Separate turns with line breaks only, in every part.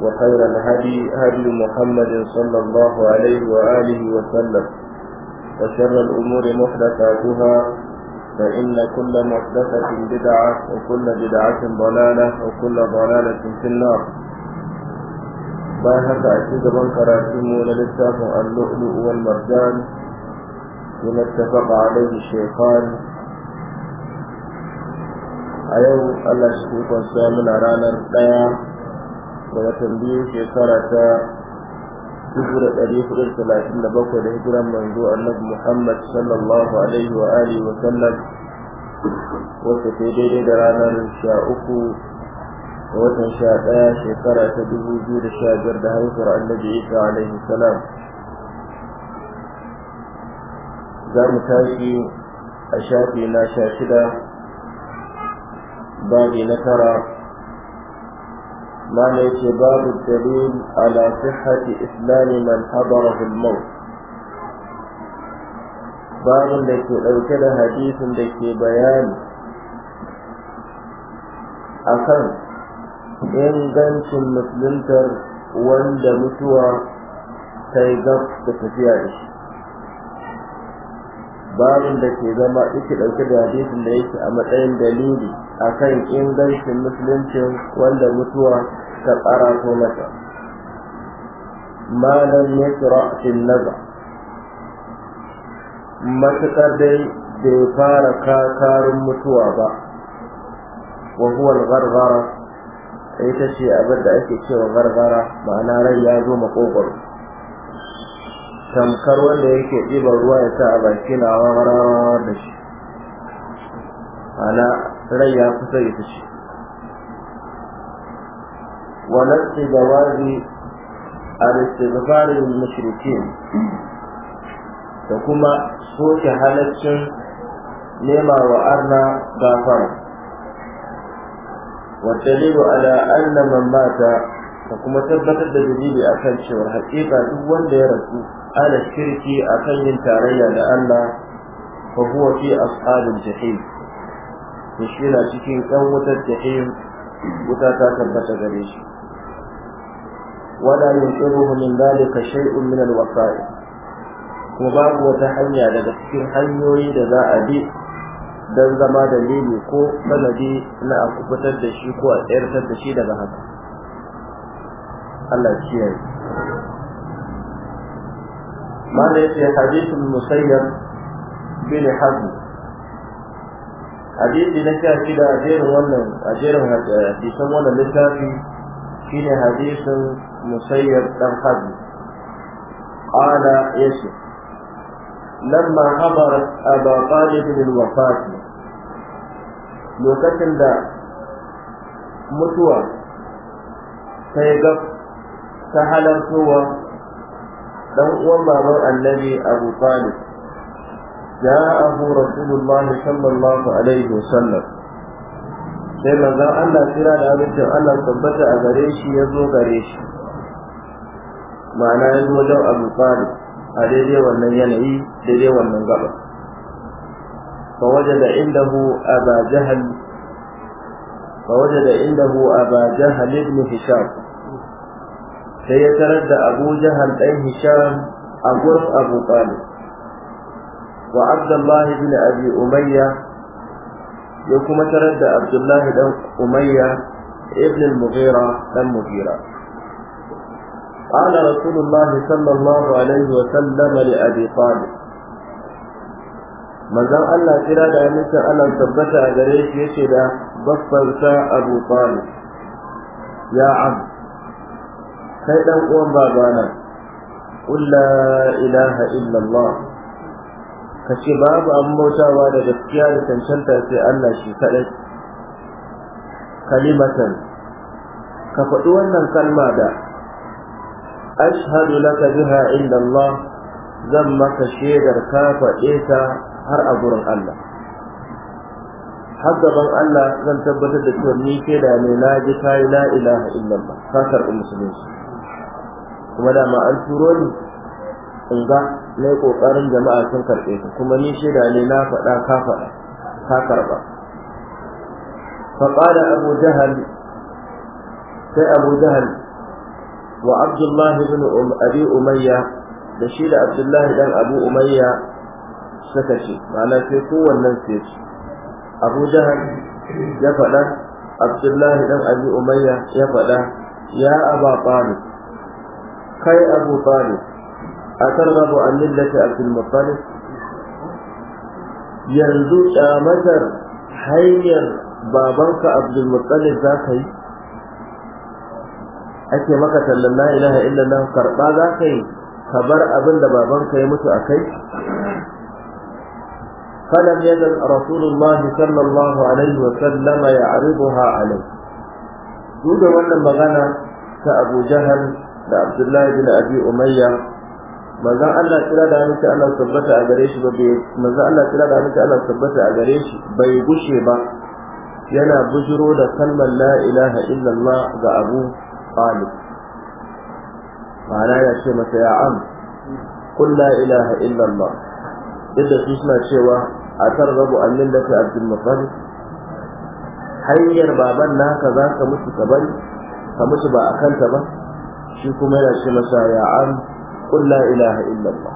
وخير الهدي هدي محمد صلى الله عليه وآله وسلم وشر الأمور محدثاتها فإن كل محدثة بدعة وكل بدعة ضلالة وكل ضلالة في النار باهت أكيد من كراتمه للتاف اللؤلؤ والمرجان بما اتفق عليه الشيخان أيوه الله سبحانه وتعالى رانا القيام da watan biyu shekara ta dubu da ɗari hudu da talatin da bakwai da hijiran manzo annabi muhammad sallallahu alaihi wa alihi wa sallam wacce ta daidai da ranar sha uku da watan sha ɗaya shekara ta dubu biyu da sha biyar da haifar annabi isa alaihi salam za mu tashi a shafi na sha shida babi na tara ما ليس باب الدليل على صحة إسلام من حضره الموت babin da ke ɗauke da hadisin da ke bayani akan ingancin musuluntar wanda mutuwa ta yi gab da tafiya da shi babin da ke zama ike ɗauke da hadisin da yake a matsayin dalili akan ingancin musuluncin wanda mutuwa ta ƙara mata malam yasra fil naza matuƙar dai bai fara kakarun mutuwa ba wa huwa al-gharghara ita ce abin da ake cewa gargara, ma'ana rai ya zo maƙogwaro. tamkar wanda yake ɗiban ruwa ya sa a baki na wawarawa da shi ana rai ya kusa ya fice gawari na الاستغفار da kuma soke halaccin nema wa arna gafara waddalilu ala anna man mata da kuma tabbatar da dalili akan cewar haƙiƙa duk wanda ya rasu ala shirki akan yin tarayya da Allah fa huwa fi ashabil jahim to shi cikin yan wutar jahim wuta ta tabbata gare shi wala yunqiruhu min dalika shay'un min al kuma babu wata hanya daga cikin hanyoyi da za a bi dan zama dalili ko sanadi na a kubutar da shi ko a tsayar da shi daga haka Allah kiyaye ما ليس حديث المسيب بن حزم hadisi na sha shida a jerin wannan a jerin eh, hadisan wannan littafi shine hadisin musayyar dan hadu qala yasu lamma habarat aba talib bil wafat lokacin da mutuwa sai gab ta halartowa dan uwan baban annabi abu talib جاءه رسول الله صلى الله عليه وسلم sai manzon Allah kira da abincin Allah tabbata a gare shi ya zo gare shi ma'ana ya zo wajen Abu Talib a daidai wannan yanayi daidai wannan gaba fa wajada indahu Aba Jahal fa wajada indahu Aba Jahal ibn Hisham sai ya tarar da Abu Jahal dan Hisham a gurin Abu Talib wa abdullahi bin abi umayya ya kuma tarar da abdullahi dan umayya ibn al-mughira dan mughira قال رسول الله صلى الله عليه وسلم لأبي طالب manzon Allah kira da amincin Allah tabbata a gare shi yace da babbansa Abu Talib ya am kai dan uwan babana qul la ilaha illa Allah ka babu an da gaskiya da cancanta sai Allah shi kaɗai kalimatan ka faɗi wannan kalma da ashhadu laka biha inda Allah zan maka shaidar ka faɗe ta har a gurin Allah har gaban Allah zan tabbatar da cewa ni ke da ne na ji kai la ilaha illallah ka karɓi musulunci kuma ma an turo ni in ga na yi ƙoƙarin jama'a sun karɓe ka kuma ni shaida ne na faɗa ka faɗa ka karɓa faƙada abu jahal sai abu jahal wa abdullahi bin um-, abi umayya da shi da abdullahi dan abu umayya suka ce ma'ana sai wannan sai ce abu jahal ya faɗa abdullahi dan abi umayya ya faɗa ya abu talib kai abu talib أترغب عن ملة عبد المطلب yanzu kyamatar hanyar babanka abdulmuttalib za ka yi ake maka tallan la ilaha illallah karba za ka yi ka bar abinda babanka ya mutu a kai فلم يزل رسول الله صلى الله عليه وسلم يعرضها عليه دون wannan magana ta Abu Jahal da Abdullah bin Abi Umayya manzon Allah kira da miki Allah tabbata a gare shi ba bai manzon Allah kira da miki Allah tabbata a gare shi bai gushe ba yana bujiro da kalmar la ilaha illallah ga Abu Talib ma'ana ya ce masa ya am kun la ilaha illallah duk da su suna cewa a rabu tarrabu an millata abdul muttalib hanyar baban naka za ka mutu ka bari ka mutu ba a kanta ba shi kuma yana ce masa ya am قل لا إله إلا الله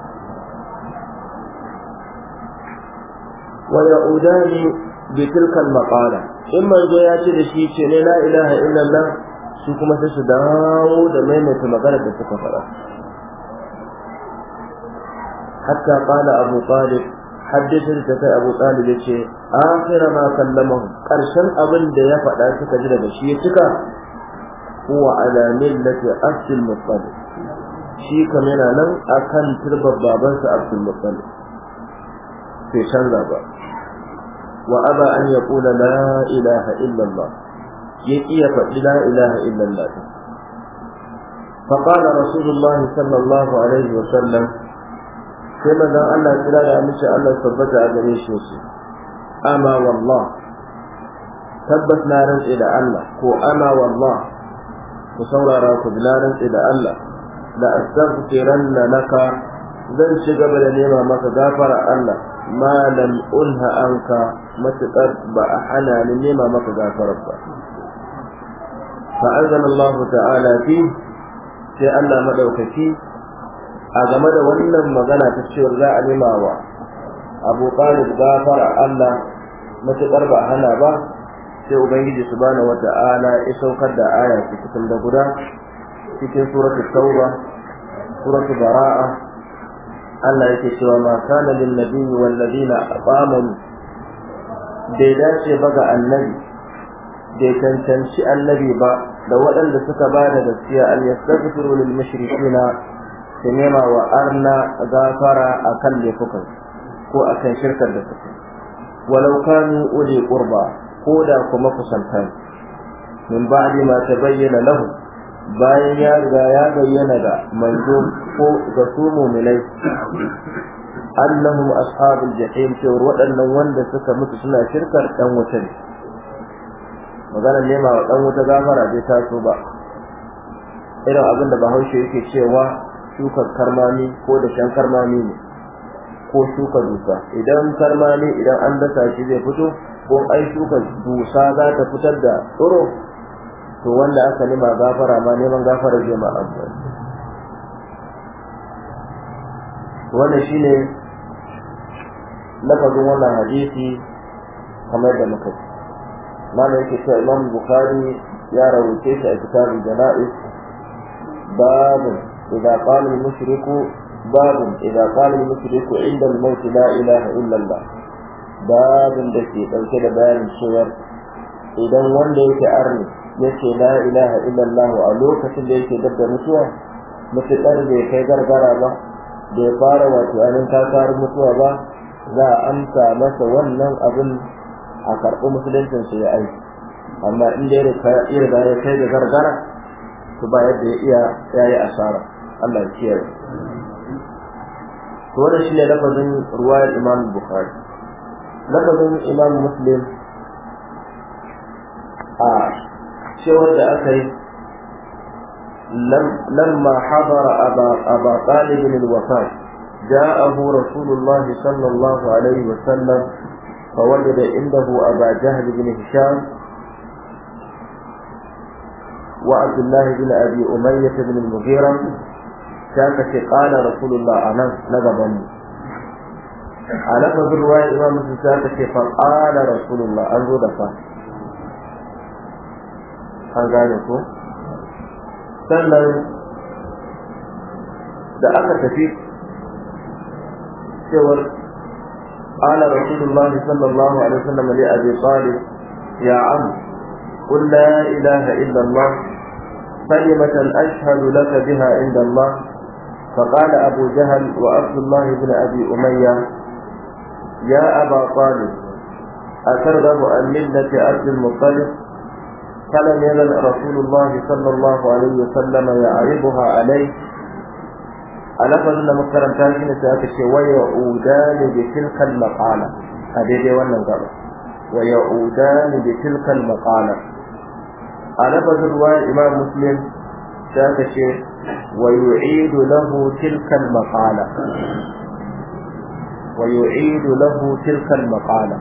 ويعودان بتلك المقالة إما زيات لشيء لا إله إلا الله سوكما تسداو دميمة مقالة تتكفر حتى قال أبو طالب حدثني تفا أبو طالب يشي آخر ما كلمه قرشن أبن دي فأنا تكجل بشيتك هو على ملة أسل المطلب shi kam yana nan akan turbar babansa abdul muttalib sai canza ba wa aba an ya kula la ilaha illallah ya iya faɗi la ilaha illallah فقال رسول الله صلى الله عليه وسلم كما ذا الله تعالى مشى الله ثبت على أما والله ثبت نارا إلى الله كو أما والله ku saurara ku ji larin da Allah la astaghfiranna laka zan ci gaba da nema maka gafara Allah ma lam unha anka matuƙar ba a hana ni nema maka gafarar ba fa'azan Allah ta'ala fi sai Allah madaukaki a game da wannan magana ta cewa za a nema wa Abu Talib gafara Allah matuƙar ba hana ba sai ubangiji subhanahu wata'ala ya saukar da aya cikin da guda cikin suratul tauba suratu bara'a Allah yake cewa ma kana lin nabiyyi wal ladina amanu bai dace ba ga annabi bai cancanci annabi ba da waɗanda suka ba da gaskiya an yastaghfiru lil mushrikina su nema wa arna gafara akan laifukan ko akan shirkar da suka walau kanu uli qurba ko da kuma kusantan min ba'di ma tabayyana lahu bayan ya riga ya bayyana da manzo ko ga su mu'minai annahum ashabul jahim cewar waɗannan wanda suka mutu suna shirkar dan wuta ne nema wa dan wuta gafara bai taso ba irin abin da bahaushe yake cewa shukar karmami ko da shan karmami ne ko shuka dusa idan karmani idan an dasa shi zai fito ko ai shuka dusa za ta fitar da tsoro to wanda aka nema gafara ma neman gafara zai ma amfani wannan shine lafazin wannan hadisi kamar da muka ci mana yake cewa imam bukhari ya rawaice shi a kitabul jana'is Babu idza qala al-mushriku babun idza qala mushriku inda al-maut la ilaha illallah. allah babun da ke dauke da bayanin cewa idan wanda yake arni yace la ilaha illallah a lokacin da yake dabda mutuwa mutukar da kai gargara ba ya fara wato anin fara mutuwa ba za a amsa masa wannan abin a karɓi musulunci su ya aiki amma in dai ya da ya kai da gargara to ba yadda ya iya ya yi asara Allah ya kiyaye to wannan shine lafazin ruwayar Imam Bukhari lafazin Imam Muslim a cewar da aka yi لما حضر أبا, أبا طالب الوفاة جاءه رسول الله صلى الله عليه وسلم فوجد عنده أبا جهل بن هشام وعبد الله بن أبي أمية بن المغيرة كانت قال رسول الله أنا نغبني على فضل رواية إمام مسلم فقال رسول الله أنظر فاتح an gane ko sannan da aka tafi cewar ala rasulullah sallallahu alaihi wasallam li abi talib ya am qul la ilaha illa allah كلمة أشهد لك بها عند الله فقال أبو جهل وعبد الله بن أبي أمية يا أبا طالب أترغب عن ملة عبد المطلب فلم يلل رسول الله صلى الله عليه وسلم يعرضها عليه على فضل الله مكرم تاجين سيأتك ويعودان بتلك المقالة هذا دي والنظر ويعودان بتلك المقالة على فضل الله إمام مسلم سيأتك ويعيد له تلك المقالة ويعيد له تلك المقالة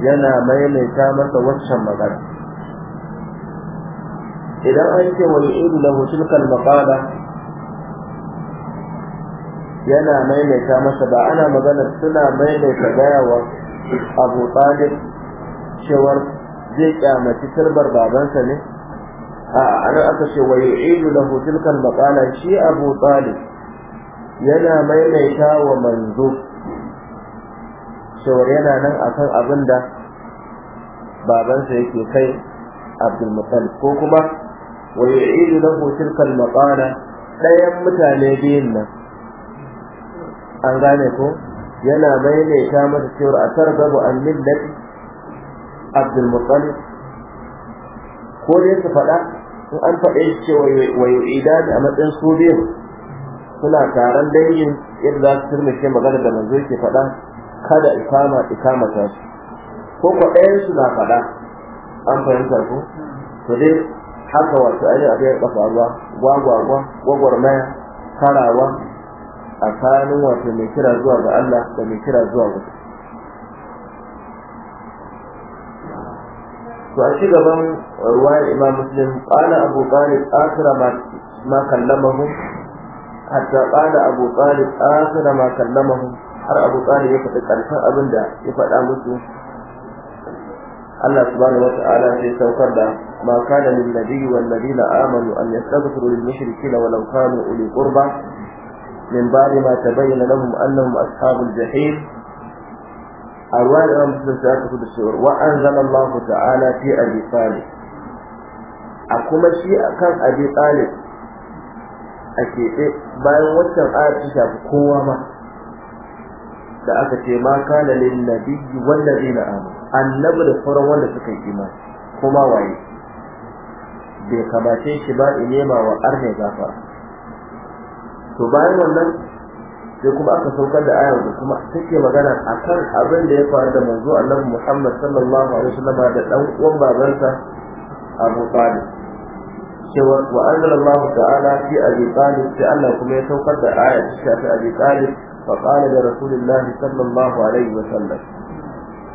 ينا ميلي تامة وشم غرب idan an ce wa yu'idu da tilkal maqala yana maimaita masa ba ana magana suna maimaita gayawa Abu Talib cewar zai kyamaci turbar babansa ne a an aka ce wa yu'idu lahu tilkal maqala shi Abu Talib yana maimaita wa manzo cewar yana nan akan abin da babansa yake kai Abdul Muttalib ko kuma wa yu'idu lahu tilka al-maqala dayan mutane biyun nan an gane ko yana maimaita mata cewar a targabu an millati abdul muttalib ko dai su faɗa in an faɗe shi cewa wa yu'ida a matsayin su biyun suna taron dangin yadda za su turmace magana da manzo ke faɗa kada ikama ikama ta su ko ko ɗayan su na faɗa an fahimta ko to dai haka wato ai a ga faruwa gwagwagwa gwagwarmaya karawa tsakanin wato mai kira zuwa ga Allah da mai kira zuwa ga to a gaban ruwayar imam muslim qala abu talib akhira ma kallamahu hatta qala abu talib akhira ma kallamahu har abu talib ya faɗi ƙarfin abin da ya faɗa musu Allah subhanahu wa ta'ala sai saukar da ما كان للنبي والذين آمنوا أن يستغفروا للمشركين ولو كانوا أولي قربى من بعد ما تبين لهم أنهم أصحاب الجحيم أرواح الإمام مسلم سيأتي الشعور وأنزل الله تعالى في أبي طالب أقوم شيء كان أبي طالب أكيد bayan waccan ayar ta shafi kowa ma da aka ce ma kana lin nabiyyi wallazina amanu annabi da sauran wanda suka yi imani kuma waye bai kamace shi ba in nema wa arne gafa. to bayan wannan sai kuma aka saukar da ayar da kuma take magana akan abin da ya faru da manzo annabi Muhammad sallallahu alaihi wasallam da dan uwan babansa Abu Talib cewa wa anzalallahu ta'ala fi Abi Talib sai Allah kuma ya saukar da ayar ta fi Abi Talib fa qala da Rasulullah sallallahu alaihi wasallam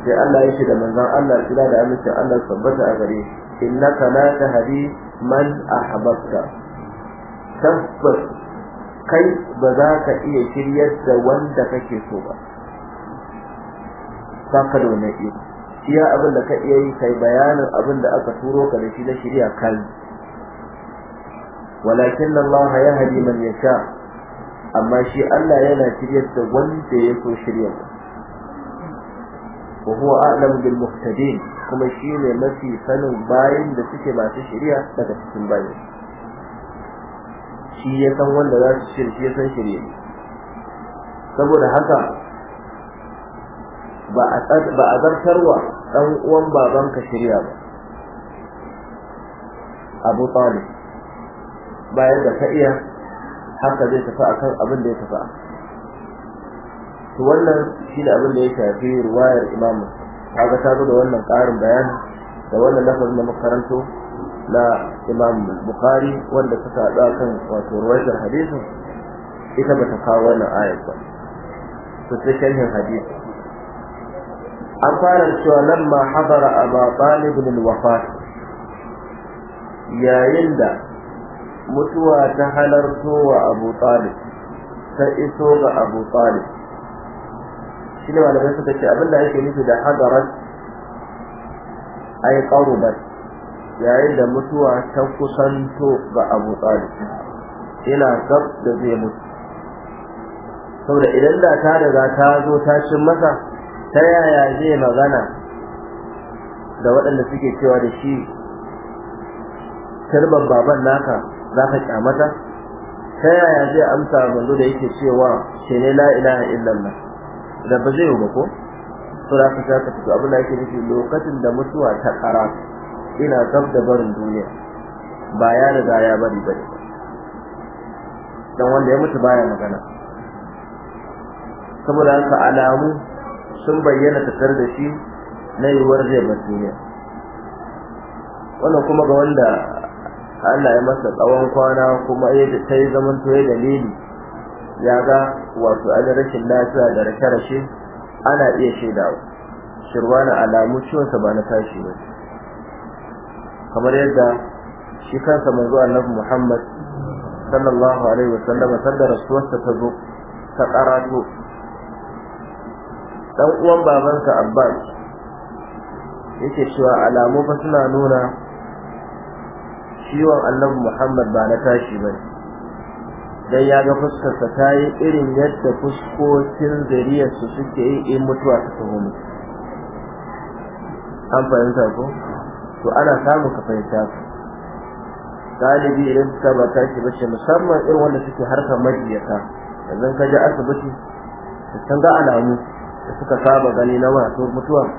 sai Allah yake da manzon Allah kira da amincin Allah tabbata a gare shi innaka la tahdi man ahbabta tabbas kai ba za ka iya shiryar da wanda kake so ba saka da wannan iko iya abin da ka iya yi kai bayanin abin da aka turo ka da shi na shirya kai walakin Allah ya hadi man yasha amma shi Allah yana shiryar da wanda ya so shiryarwa wa huwa kuma shi muhtadin mafi sanin bayin da suke masu shirya daga cikin bayin shi ya san wanda za su shirye shi ya san shirye saboda haka ba a wa ɗan uwan babanka shirya ba abu talib bayan da ka iya haka zai tafi akan abin da ya tafa. to wannan shine abin da ya shafi ruwayar imam kaga ta zo da wannan karin bayani da wannan lafazin da makaranto na imam bukhari wanda suka haɗu kan wato ruwayar hadisin ita ba ta kawo wannan ayar ba su sai sharhin hadisi an fara cewa ma habara a ba wafat yayin da mutuwa ta halartowa wa abu talib ta iso ga abu talib shi ne malamai suka ce abin da ake nufi da hadarat ai qarubat yayin da mutuwa ta kusanto ga Abu Talib ina gab da zai mutu saboda idan da ta riga ta zo ta cin masa ta yaya zai magana da waɗanda suke cewa da shi tarban baban naka za ka kyamata ta yaya zai amsa manzo da yake cewa shi ne la ilaha illallah da ba zai ba ko to da ka ta fito abin da yake nufi lokacin da mutuwa ta kara ina gab da barin duniya ba ya riga ya bari bari dan wanda ya mutu baya magana saboda haka alamu sun bayyana tattar da shi na yiwuwar zai bar ne. wannan kuma ga wanda Allah ya masa tsawon kwana kuma ya ta yi zaman to ya dalili ya ga wato an rashin lafiya da rake rashin, ana iya shaidawa shirwa na alamu ciwonsa ba na tashi ba kamar yadda shi kansa manzo annabi Muhammad sallallahu alaihi wasallam sanda rasuwarsa ta zo ta karato dan uwan babansa Abbas yake cewa alamu fa suna nuna ciwon annabi Muhammad ba na tashi ne. dan ya ga fuskarsa ta yi irin yadda fuskokin su suke yi in mutuwa ta taho an fahimta ko to ana samun ka fahimta ku galibi idan suka ba ta shi bace musamman irin wanda suke harkar majiyata yanzu ka je asibiti da san ga alamu da suka saba gani na wato mutuwa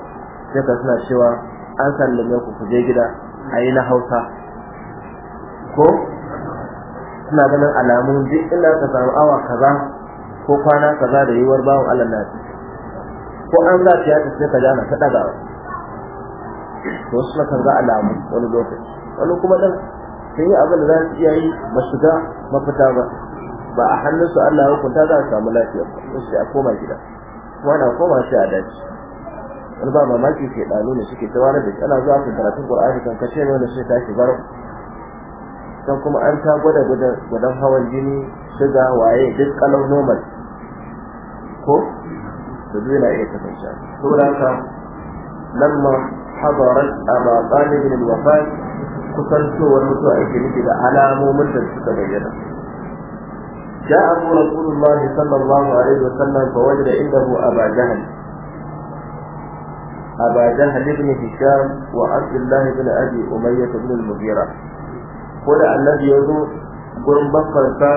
sai ka suna cewa an sallame ku ku je gida a yi na hausa ko suna ganin alamu duk ina ka samu awa kaza ko kwana kaza da yiwuwar bawan Allah na ko an za ta yata sai ka jana ta daga to wasu kan ga alamu wani lokaci wani kuma dan sun yi abin da za su iya yi ba su ga mafita ba ba a hannun su Allah ya hukunta za su samu lafiya ba sai a koma gida kuma na koma shi a daji wani ba mamaki ke ɗanu ne suke tawarar da ana zuwa su karatun ƙwar'ani kan kace ne wanda sai tashi barau Idan kuma an ta gwada gudan hawan jini shiga waye duk kalau normal ko da zai na iya kasance saboda ka lamma hadarat aba talib min wafat kusantowar mutuwa ake nufi da alamomin da suka bayyana جاءه رسول الله صلى الله عليه وسلم فوجد عنده أبا جهل أبا جهل بن هشام وعبد الله بن أبي أمية بن المغيرة ko da annabi ya zo gurin bakkarsa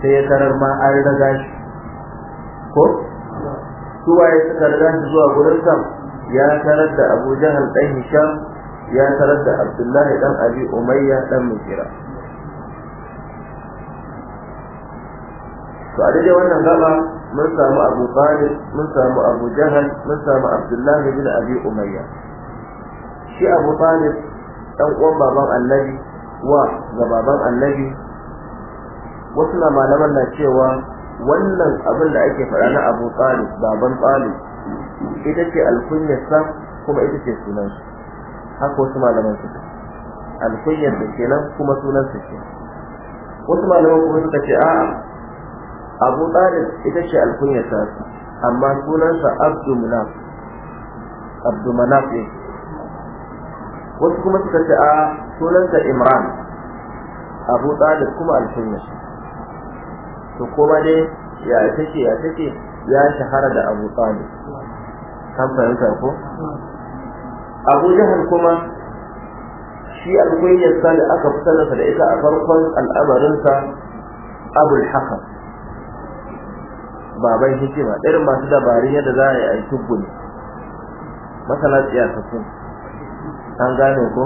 sai ya karar ma an riga shi ko su waye suka riga shi zuwa gurin sa ya tarar da Abu Jahal dan Hisham ya tarar da Abdullahi ɗan Abi Umayya ɗan Mujira to a daidai wannan gaba mun samu Abu Talib mun samu Abu Jahal mun samu Abdullahi bin Abi Umayya shi Abu Talib dan uwan baban Annabi wa ga baban annabi wasu na malaman na cewa wannan abin da ake faɗa na abu talib baban talib ita ce alkunyarsa kuma ita ce sunan haka wasu malaman su alkunyar da ke nan kuma sunan su ce wasu malaman kuma suka ce a? abu talib ita ce alkunyarsa amma sunansa abdu munaf abdu manaf wasu kuma suka ce a? sunansa imran abu talib kuma alfinya to kuma dai ya take ya take ya shahara da abu talib kan fahimta ko abu jahal kuma shi alkunyarsa da aka fi sanarsa da ita a farkon al'amarinsa abul hakan baban hikima irin masu dabarun yadda za a yi aiki gudu masana tsiyasa kun an gane ko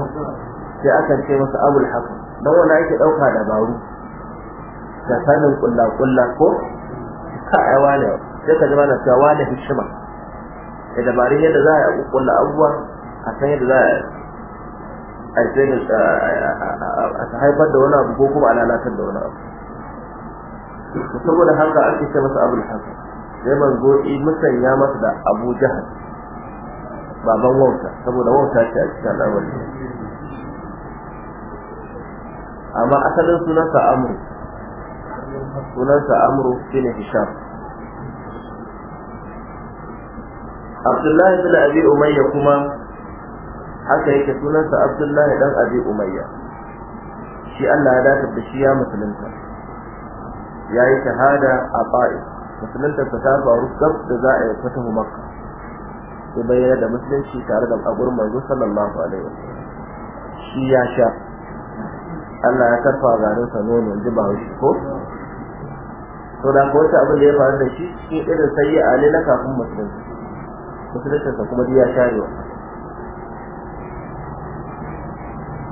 sai aka ce masa abul hasan don wani dauka ɗauka dabaru da sanin kulla-kulla ko ka a wane sai ka zama na cewa wane hikima da dabarun yadda za a yi abuwa, a san yadda za a da a haifar da wani abu ko kuma alalatar da wani abu saboda haka ake ce masa abul hasan sai manzo i musanya masa da abu jahal baban wauta saboda wauta ce a cikin al'amari amma asalin sunansa amru sunansa amru bin hisham abdullahi bin abi umayya kuma haka yake sunansa abdullahi dan abi umayya shi Allah ya dace da shi ya musulunta ya yi shahada a ba'is musulunta ta ta faru gab da za a yi fatahu makka sai bayyana da musulunci tare da a gurin manzo sallallahu alaihi wasallam shi ya sha Allah ya kafa garin sa in ji ba shi ko to da ko wata abin da ya faru da shi shi irin sai a ne na kafin musulunci musulunci sa kuma ya sharewa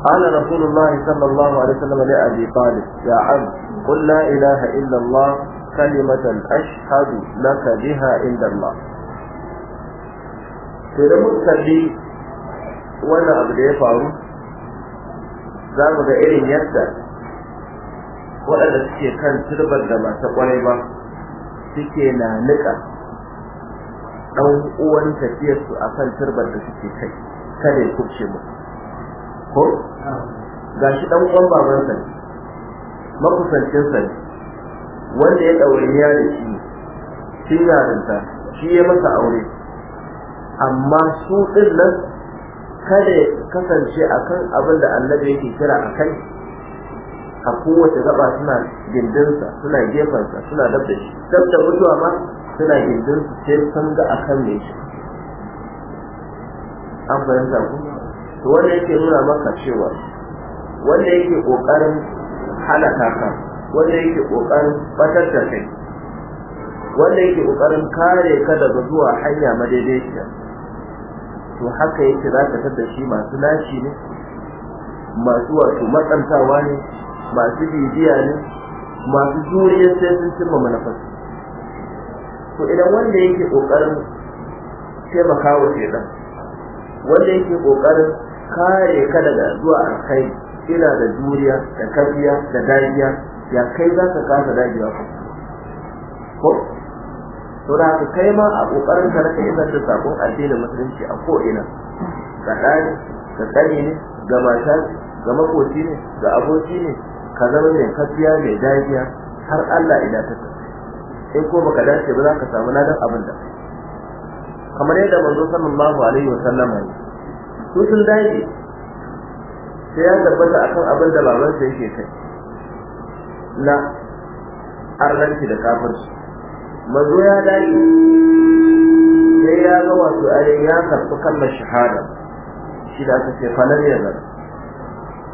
قال رسول الله صلى الله عليه وسلم لأبي طالب يا عم قل لا إله إلا الله كلمة أشهد لك بها عند الله sai da muka bi wannan abu da ya faru za mu ga irin yadda waɗanda suke kan turbar da masu ƙwarai ba suke na niƙa ɗan uwan tafiyarsu a kan turbar da suke kai kada ya kubce mu ko ga shi ɗan uwan babansa ne sa ne wanda ya ɗauriya da shi shi yarinta shi ya masa aure amma su ɗin nan kada ya kasance akan abin da annabi yake kira a kai a kowace gaba suna gindinsa suna gefensa suna dab da shi dab da mutuwa ma suna gindinsa sai sun ga akan me shi an fahimta ku to wanda yake nuna maka cewa wanda yake kokarin halaka ka wanda yake kokarin batar da kai wanda yake kokarin kare ka daga zuwa hanya madaidaiciya to haka yake za ka tada shi masu nashi ne masu wato matsantawa ne masu bibiya ne masu juriya sai sun cimma manafas? to idan wanda yake kokarin taimaka wa shaidan wanda yake kokarin kare ka daga zuwa alkai ina da juriya da kariya da dariya ya kai za ka kasa dagewa ko to da ka kai ma a kokarin ka raka isar da sakon addinin musulunci a ko ina ga ɗani ga ƙani ne ga mata ga makoci ne ga aboki ne ka zama mai kafiya mai dajiya har Allah ina ta in ko baka dace ba za ka samu ladan abin da kamar yadda manzo sallallahu alaihi wa sallama ne su sun dace sai ya tabbata akan abin da babansa yake kai na arlanci da kafirci mazo ya dace sai ya ga wasu are ya karɓi kallon shahada shi da aka ce falar ya zara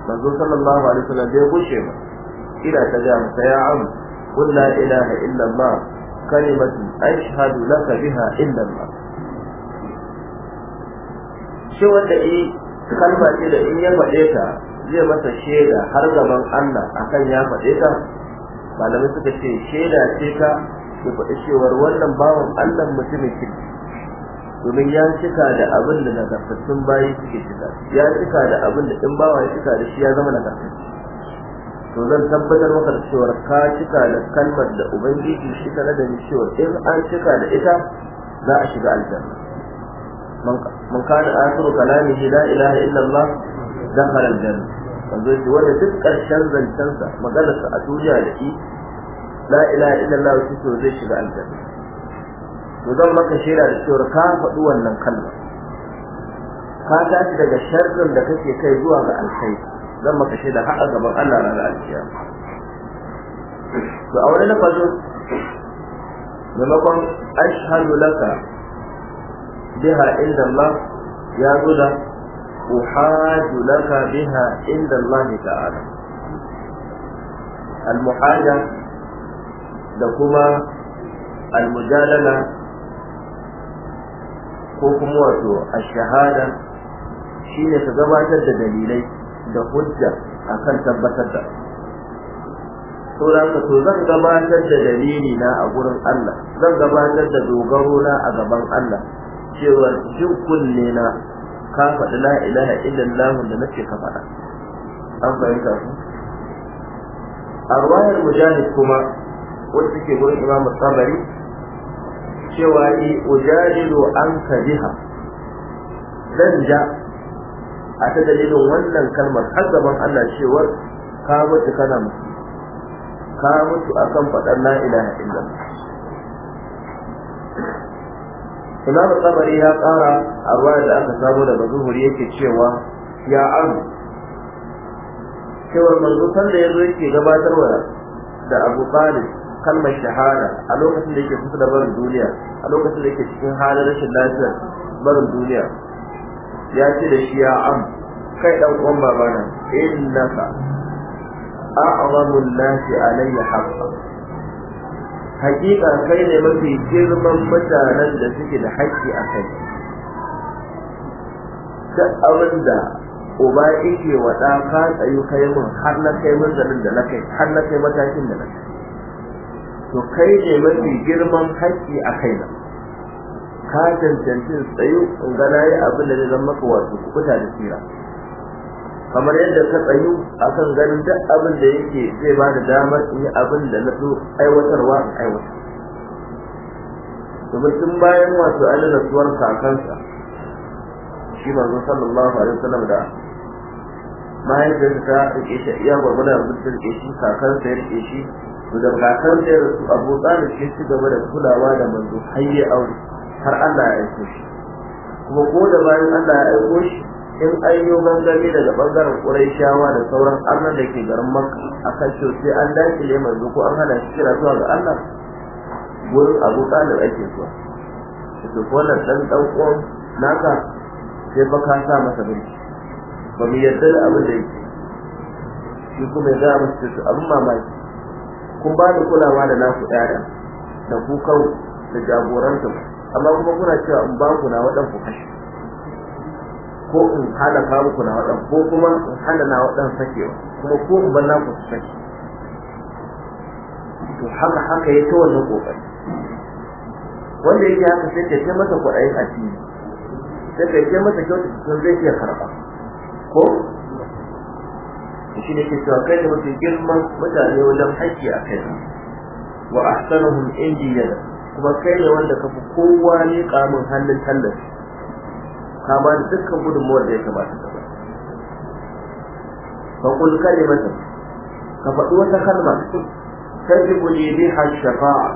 sallallahu alaihi wasallam bai gushe ba ila ta ga masa ya am qul la ilaha illa allah kalimatu ashhadu laka biha illa allah shi wanda yi kalma ce da in ya faɗe ta zai masa shaida har gaban Allah akan ya faɗe malamai suka ce shaida ce ka ke faɗi cewar wannan bawan Allah mutumin kirki domin ya cika da abin da nagartattun bayi suke cika ya cika da abin da ɗin bawa ya cika da shi ya zama nagartacce to zan tabbatar maka da cewar ka cika da kalmar da ubangiji shi kana da ni cewar in an cika da ita za a shiga aljanna man kana asiru kalamihi la ilaha illallah dakhala aljanna manzo shi wanda duk ƙarshen zancensa maganarsa a duniya da shi لا إله إلا الله وكسر ذيش بألزم وذل ما كشيرا للشركاء من أن ننقل قادة إذا كشرق لكس يكيبوا على الخير ذل ما كشيرا حقا قبر ألا على الأشياء فأولينا لما لنقل أشهد لك بها إلا الله يا قدر أحاج لك بها إلا الله تعالى المحاجة da kuma almujalala ko kuma wato a shahada shine ka gabatar da dalilai da hujja akan tabbatar da sauran ka to zan gabatar da dalili na a gurin Allah zan gabatar da dogaro na a gaban Allah cewa duk kunne na ka faɗi la ilaha illallah da nake ka faɗa an fahimta ku a ruwayar mujahid kuma wanda suke gurin imam tabari cewa yi ujadilu an kajiha zan ja a ta dalilin wannan kalmar har gaban Allah cewar ka mutu kana mutu ka mutu akan faɗar la ilaha illallah Imam Tabari ya ƙara a ruwa da aka samu daga zuhuri yake cewa ya amu cewar manzo ya yazo yake gabatarwa da Abu Talib kalmar shahada a lokacin da yake kusa da barin duniya a lokacin da yake cikin halin rashin lafiyar barin duniya ya ce da shi ya am kai dan uwan babana innaka a'zamu an alayya haqqan hakika kai ne mafi girman mutanen da suke da haƙƙi a kai duk abin da uba yake wa ɗa ka tsayu kai mun har na kai da na kai har na kai matakin da na kai to kai ne mafi girman haƙƙi a kaina ka cancanci tsayu in ga yi abin da zai zama maka wato kuta da tsira kamar yadda ka tsayu a kan ganin duk abin da yake zai ba da damar in yi abin da na so aiwatarwa in aiwata domin tun bayan wato an rasuwar kakansa shi manzo sallallahu alaihi wasallam da mahaifiyarsa ta rike shi iya gwargwada abin da rike shi kakansa ya rike shi to da bakar da rasu Abu tsarin ke ci gaba da kulawa da manzo hayye ya aure har Allah ya aiko shi kuma ko da bayan Allah ya aiko shi in an yi gangami daga bangaren Qurayshawa da sauran arnan da ke garin Makka a cewa sai an dakile manzo ko an hana shi kira zuwa ga Allah gurin Abu tsarin ake zuwa da ke dan dan ɗauko naka sai baka sa masa binci ba mu yarda da abin da yake shi kuma ya ga su, abin mamaki kun ba da kulawa da naku ɗaya da kukan da jagorantar amma kuma kuna cewa in ba ku na waɗan ku kashe ko in hana ka muku na waɗan ko kuma in hana na waɗan sakewa kuma ko in ban naku su sake to haka haka ya ta wannan ƙoƙari wanda yake haka sai ke masa a asiri sai ke masa kyautu sun zai iya karɓa ko shi ne ke cewa kai da mafi girman mutane wajen haƙƙi a kai wa ahsanuhum yana, kuma kai ne wanda ka fi kowa ne ƙaramin hannun tallafi ka ba da dukkan gudunmuwar da ya kamata ka ba fa kul kalimatan ka faɗi wata kalma tajibu li har shafa'a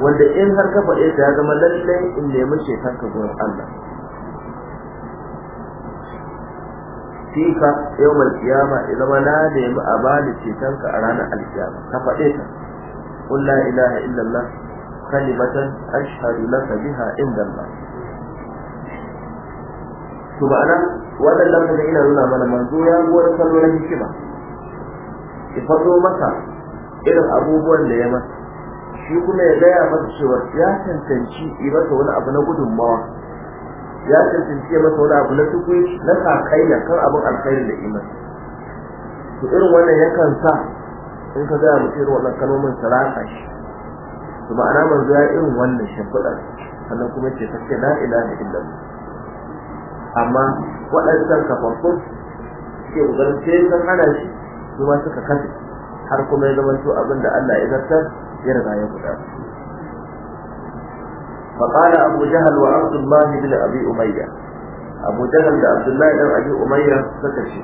wanda in har ka faɗe ta ya zama lallai in nemi shekar ka gurin Allah yau mai kiyama ya zama na nemi a bani cetonka a ranar alkiyama ka faɗe ta qul ilaha illallah kalimatan ashhadu laka biha inda Allah to ba ma'ana wannan lafazin ina nuna mana manzo ya go wani na hikima ki fado masa irin abubuwan da ya masa shi kuma ya gaya masa cewa ya cancanci ibata wani abu na gudunmawa ya cancanci ya masa wani abu na tuku na na kan abin alkhairin da iman to irin wannan yakan sa in ka gaya mutum irin wannan kalmomin shi to ma'ana manzo ya irin wannan shimfiɗar sannan kuma ce ta ce ila da illa amma waɗansan kafaffun ke ƙoƙarin kan hana shi su ma suka kasa har kuma ya zama to abin da Allah ya zartar ya riga ya guda. فقال أبو جهل وعبد الله بن أبي أمية أبو جهل بن عبد الله بن أبي أمية فتشي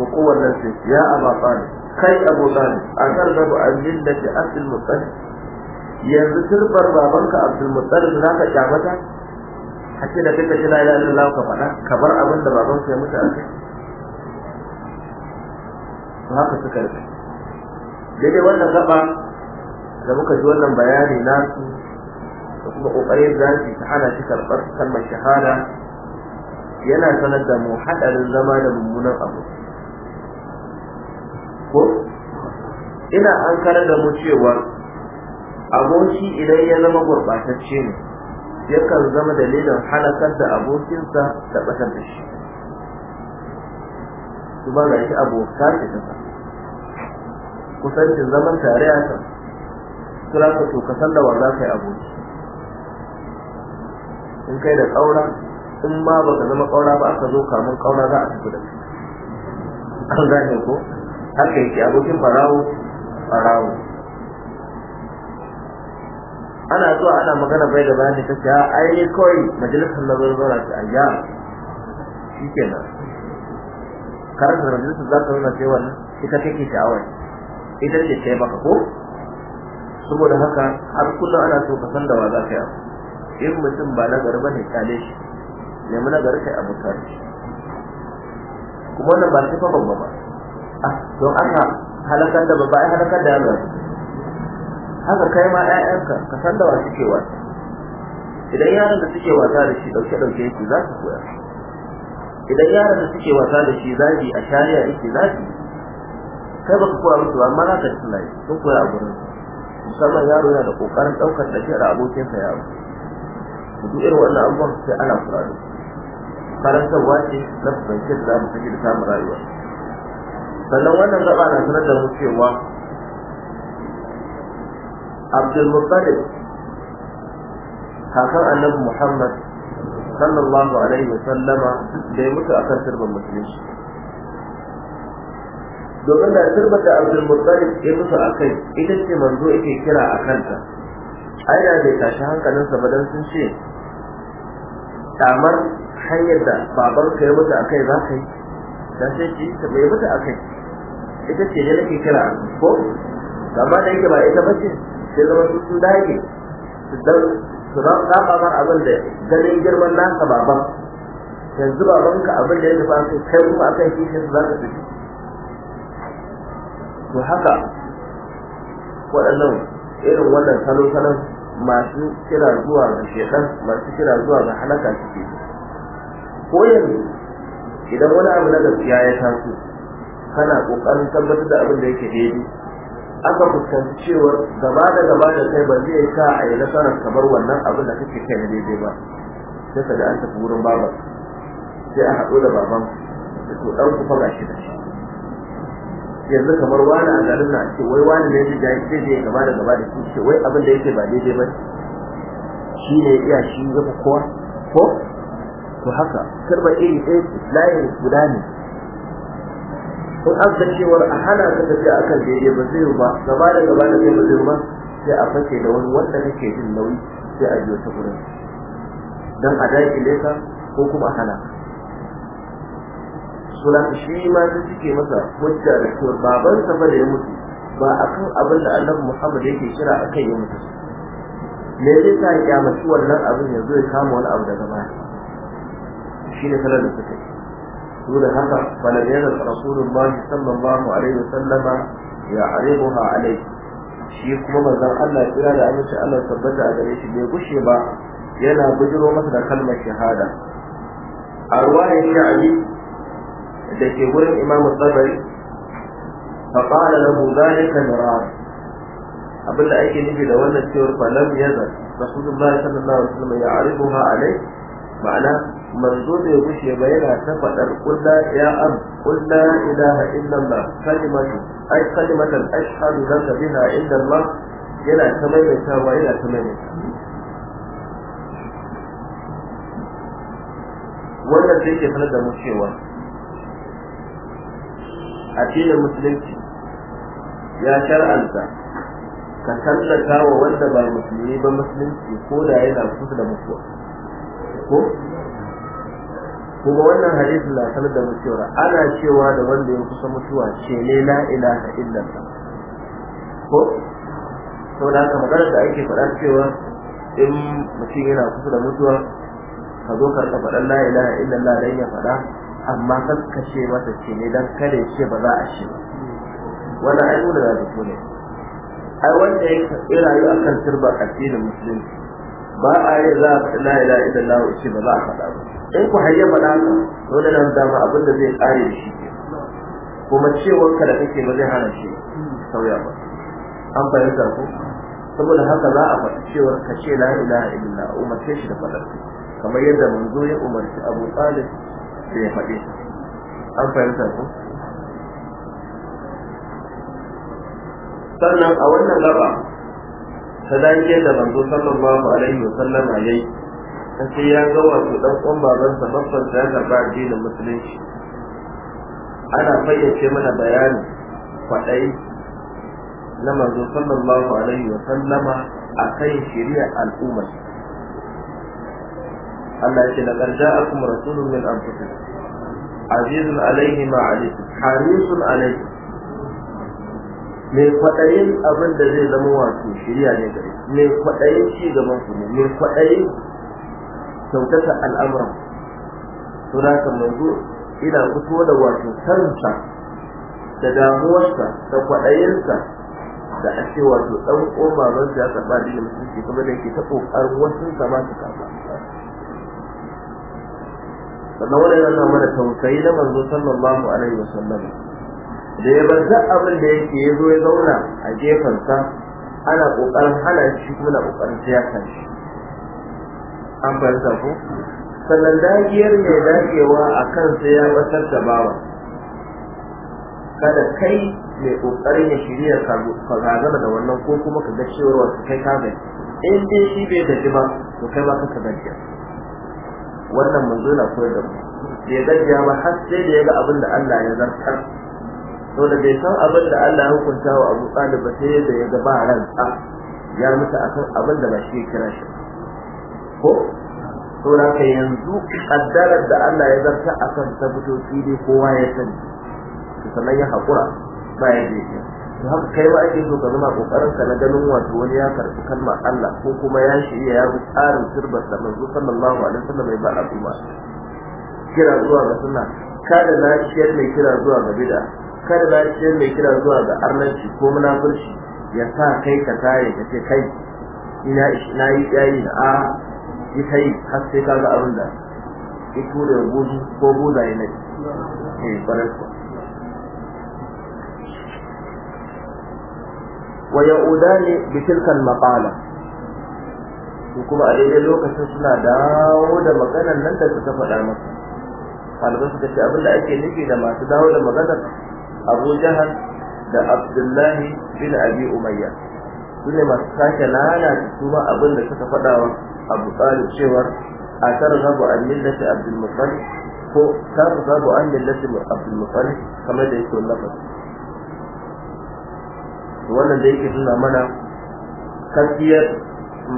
وقوة نفسي يا أبا طالب كي أبو طالب أثر باب عن جنة عبد yanzu turbar babanka abdulmuttalib za ka sha mata a da kai kashi lalai da lalaka faɗa kamar abin da babanka ya mutu a kai ba haka suka rike daidai wannan gaba da muka ji wannan bayani na su kuma kokarin za ta hana shi karɓar kalmar shahada yana sanar da mu haɗarin zama da mummunan abu ko ina an karar da mu cewa aboki idan ya zama gurɓatacce ne yakan zama dalilin halakar da abokinsa da ɓatar da shi kuma ga shi abokan ce ta kusancin zaman tare a kan kira ka to ka san da wa za ka yi aboki in kai da ƙaura in ma ka zama ƙaura ba aka zo kamun ƙaura za a tafi da shi. an gane ko haka yake abokin farawo farawo ana zuwa ana magana bai da bayani ta ce ai ne kawai majalisar na zarzara ta ayya shi kenan nan da majalisar za ta nuna cewa ita take sha'awar ita ce ta yi ko saboda haka har kullum ana so ka san da wa za ka yi in mutum ba na gari bane kyale shi nemi na gari kai abu shi. kuma wannan ba shi fa babba ba ah don aka halakar da babba ai halakar da yaro haka kai ma ƴaƴanka ka san da wa suke wasa idan yaron da suke wasa da shi dauke dauke yake za su koya idan yaron da suke wasa da shi zaji a shari'a yake zaji kai baka koya musu ba amma za ka tunani sun koya a gurin musamman yaro yana da kokarin daukar da shi da abokinsa yaro duk irin wannan abubuwan sai ana kula da karantarwa ce na fahimci da za mu da samun rayuwa sannan wannan gaba na sanar da mu cewa abdulmuttalib kakan annabi muhammad sallallahu alaihi wa sallama da ya mutu akan turban musulunci domin da turban da abdulmuttalib ya mutu akai ita ce manzo yake kira a kanta aida da bai tashi hankalinsa ba dan sun ce damar hanyar da babanka ya mutu akai za ka yi da sai ji ta bai mutu akai ita ce ne nake kira ko amma da yake ba ita ba ce sai zama su sun dage su dan su raba mar abin da ganin girman nasa baban yanzu babanka abin da ya tafi su, kai kuma akai kishin za ka tafi to haka waɗannan irin wannan salo-salon masu kira zuwa ga shekar masu kira zuwa ga halaka suke ko yanzu idan wani abu na gaskiya ya taso kana kokarin tabbatar da abin da yake daidai aka fuskanci cewa gaba da gaba da kai ba zai sa a yi nasarar kamar wannan abin da kake kai na daidai ba sai ka da an tafi wurin babar sai a haɗu da baban da to ɗan kufa ga shi da shi yanzu kamar wani a garin na ce wai wani ne ya ce zai gaba da gaba da shi ce wai abin da yake ba daidai ba shi ne iya shi ya fi kowa ko to haka karba iri ɗaya su layin guda ne in an ga cewar a hana ka tafiya akan daidai ba zai ba gaba da gaba da kai ba zai ba sai a fake da wani wanda kake jin nauyi sai a biyo ta gurin don a daƙile ka ko kuma a hana ka to da shi ma ta suke masa hujja da cewa babansa ba da ya mutu ba akan abin da annabi muhammad yake kira akan ya mutu me zai sa ya kyamaci wannan abin ya zo ya kama wani abu daga baya shi ne sanar da suka yi saboda haka falayyar rasulullah sallallahu alaihi wasallama ya aribuha alaihi shi kuma manzon Allah kira da aminci Allah tabbata a gare shi bai gushe ba yana bujiro masa da kalmar shahada a ruwayar sha'abi da ke wurin imam tsabari fa qala lahu zalika mirar abin da ake nufi da wannan cewar falam yazal rasulullah sallallahu alaihi wasallam ya ha alai ma'ana manzo da ya gushe ba yana ta fadar kulla ya am kulla ilaha illallah kalimatu ai kalimatan ashhadu laka biha illallah yana ta maimaita, maimaitawa yana ta maimaita? wannan sai ke sanar da mu cewa A addinin musulunci ya shar'anta ka tallata wa wanda ba musulmi ba musulunci ko da yana kusa da mutuwa ko kuma wannan hadisi na sanar da mutuwa, ana cewa da wanda ya kusa mutuwa ce ne la ilaha illallah ko to da haka maganar da ake faɗa cewa in mutum yana kusa da mutuwa ka zo ka faɗan la ilaha illallah dan ya faɗa amma kan ka ce masa ce ne don kare ce ba za a ce ba wani ai nuna da fito ne ai wanda ya karɓi rayu a kan turba addinin musulunci ba a yi za a faɗi la'ila idan lawo ce ba za a faɗa ba in ku hayya faɗa ka dole nan dama abin da zai ƙare da shi ke kuma cewar ka da kake ba zai hana shi sauya ba an fahimta ku saboda haka za a faɗi cewar ka ce la'ila idan lawo umarce shi da faɗar kamar yadda manzo ya umarci abu talib sai ya faɗe an fahimta sannan a wannan gaba ta dangiyar da manzo sallallahu alaihi wa a yayi ta sai ya ga wato dan uwan babansa babban sa ya karba addinin musulunci ana fayyace mana bayani kwaɗai na manzo sallallahu alaihi wa sallama akan shari'ar al'ummar Allah ya ce laqad ja'akum rasulun min anfusikum azizun alayhi ma alaykum harisun alaykum mai kwaɗayin abin da zai zama wato shirya ne gare mai kwaɗayin ci gaban ku ne mai kwaɗayin kyautata al'amuran to da kan manzo ina fito da wato kansa da damuwarsa da kwaɗayinsa da a ce wato ɗan ƙoma ban ya karɓa da mutunci kuma da ke ta ƙoƙarin wasu sama su karɓa sannan wani yana mana tausayi na manzo sallallahu alaihi wasallam da ya bar duk abin da yake ya zo ya zauna a gefensa ana kokarin hana shi kuma na kokarin siyasa shi an fahimta ko sannan dagiyar mai dagewa a kan sai ya batar da bawa kada kai mai kokarin ya shirya ka gagara da wannan ko kuma ka ga cewar wasu kai ka gani in dai shi bai da ba to kai ba ka gajiya wannan manzo na koyar da mu bai gajiya ba har sai da ya ga abin da Allah ya zartar to da bai san abin da Allah ya hukunta wa Abu Talib ba sai da ya ga ba ransa ya mutu akan abin da ba shi kira shi ko to da kai yanzu kaddarar da Allah ya zarta akan ta fito fili kowa ya sani sannan ya hakura ba ya je kai ba ake so ka zama kokarin ka na ganin wato wani ya karɓi kalma Allah ko kuma ya shirya ya bi tsarin turbar da manzo sallallahu alaihi wasallam ya ba al'umma kira zuwa ga sunna kada na ciyar mai kira zuwa ga bid'a kada na ciyar mai kira zuwa ga arnanci ko munafurci ya sa kai ka kare ka ce kai ina na yi yayi na a yi kai har sai ka ga abin da ya tura gozu ko buzaye ya eh wa ya'udani bi tilkal maqala su kuma a daidai lokacin suna dawo da magana nan da suka faɗa masa ɗalibai suka ce abinda ake nufi da masu dawo da magana, abu jahal da abdullahi bin abi umayya su ne masu sake lalata su ma abin da suka faɗa wa abu talib cewar a targhabu an millati abdul muttalib ko targhabu an millati abdul muttalib kamar da yake wannan wannan da yake suna mana kasiyar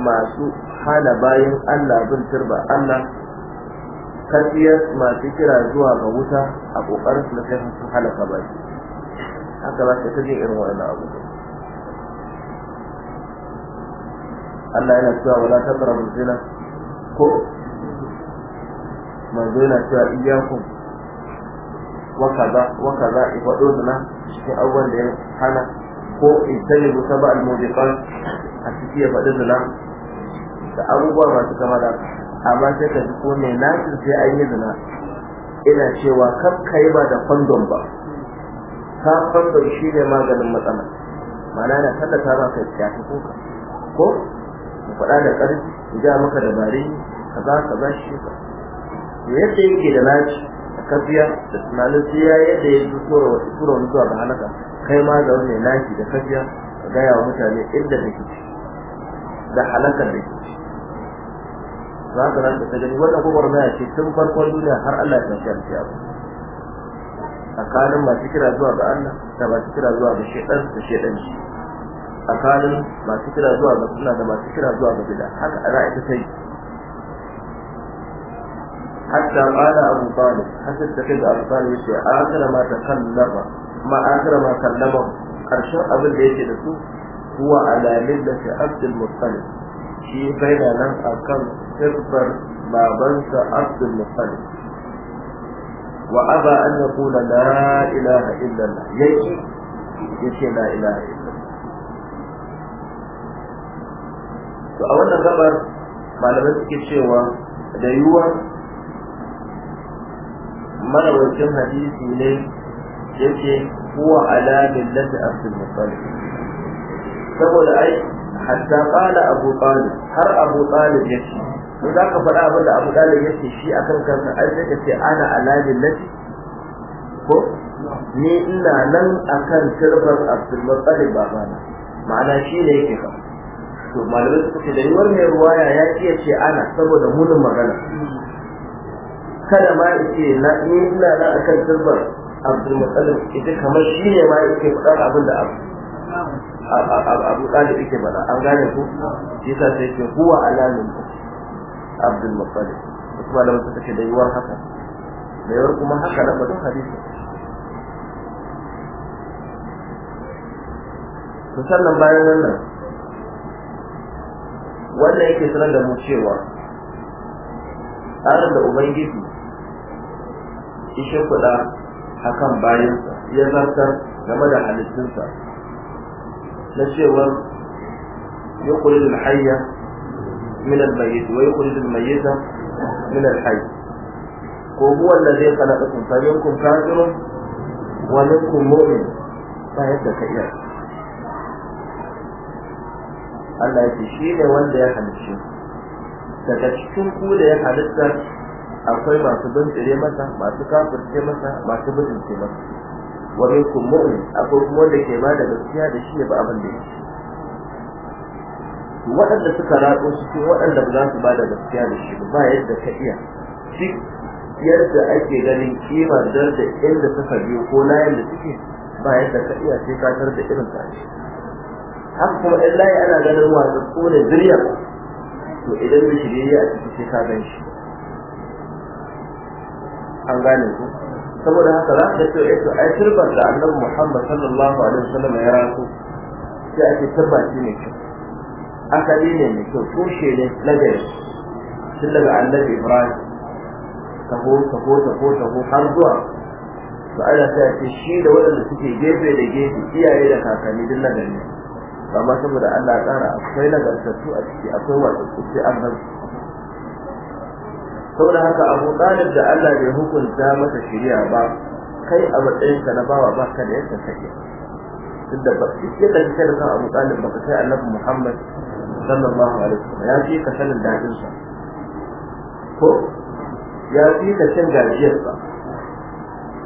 masu hana bayan Allah bin turba Allah kasiyar masu kira zuwa ga wuta a kokarin su kai su halaka ba haka ba ta kaje irin wannan abu Allah yana cewa wala taqrabu zina ko manzo yana cewa iyyakum wa kaza wa kaza ifado na cikin abubuwan da ya hana ko ijtani bu saba al-mudiqan a ciki ya faɗi zina da abubuwa masu kama da amma sai ka ji ko na nasin sai an yi zina ina cewa kar ka yi ba da kwandon ba ka kwandon shi ne maganin matsala mana na tallata ba kai ya fi kuka ko mu faɗa da ƙarfi mu ja maka za ka ba shi ka yadda yake da naci a kafiya da tunanin sai ya yadda ya tura wani zuwa ga halaka kai ma da wani laki da kafiya ka gaya wa mutane inda da ke da halakar da ke za ka ranta ta gani wannan gwagwarmaya ce tun farkon duniya har Allah ya tafi alkiyama tsakanin masu kira zuwa ga Allah da masu kira zuwa ga shaidan da shaidan shi tsakanin masu kira zuwa ga suna da masu kira zuwa ga bid'a haka ra'ayi ta sai hatta qala abu talib hatta ta kai abu talib ya ce akira ma takallaba ma akira ma sallama karshen abin da yake da su huwa alamin da ke abdul muttalib shi bayyana nan akan sirbar babansa abdul muttalib wa aba an yaqula la ilaha illa allah yake yace la ilaha illa to a wannan gabar malamai suke cewa da yiwuwar marawacin hadisi ne yake huwa ala millati abdul muttalib saboda ai hatta qala abu talib har abu talib yake in za ka faɗa abin da abu talib yake shi akan kansa ai sai ka ce ana ala millati ko ni ina nan akan turban abdul muttalib babana ma'ana shi ne yake ka to malamin su ce da yiwuwar mai ruwaya ya iya ce ana saboda munin magana kada ma ce ni ina nan akan turban abdulmutsalin ita kamar shi ne ma yake faɗar abin da abu ɗalib yake faɗa an gane ku shi yasa sai yake huwa alamin abdulmutsalin wasu malamin suka ce da yiwuwar haka da yiwuwar kuma haka na batun hadisi to sannan bayan wannan wannan yake sanar da mu cewa tsarin da ubangiji shi kuɗa. akan bayansa ya zartar game da halittunsa na cewar yukhrij al-hayya min al-mayyit wa yukhrij al-mayyita min al-hayy ko huwa alladhi khalaqakum fa minkum kafirun wa minkum mu'min ta yadda ka iya Allah ya ce shi ne wanda ya halicce daga cikin ku da ya halitta akwai masu bantsire masa masu kafirce masa masu ce masa wani kun mu'min akwai kuma wanda ke ba da gaskiya da shi ne ba abin da yake waɗanda suka su cikin waɗanda ba za su ba da gaskiya da shi ba yadda ka iya shi yadda ake ganin kima dar da inda suka biyo ko layin da suke ba yadda ka iya sai ka tar da irin ta shi haka kuma in layi ana ganin wasu ko ne zuriya to idan da shirye a ciki sai ka gan shi an gane ku saboda haka za ka ce eh, to ai turban da annabi Muhammad sallallahu alaihi wasallam ya rasu sai ake turba shi ne kyau asali ne mai kyau tushe ne na gari tun daga annabi Ibrahim taho taho taho taho har zuwa to ana sai ce shi da waɗanda suke gefe da gefe iyaye da kakanni duk na gari amma saboda Allah ya tsara akwai nagartattu a ciki akwai wasu sai annabi saboda haka abu talib da Allah bai hukunta masa shari'a ba kai a matsayinka na bawa ba ka da yadda kake tunda ba duk yadda kake da san abu talib ba ka kai annabi muhammad sallallahu alaihi wasallam ya fi ka sanin dadin sa ko ya fi ka cin gajiyar sa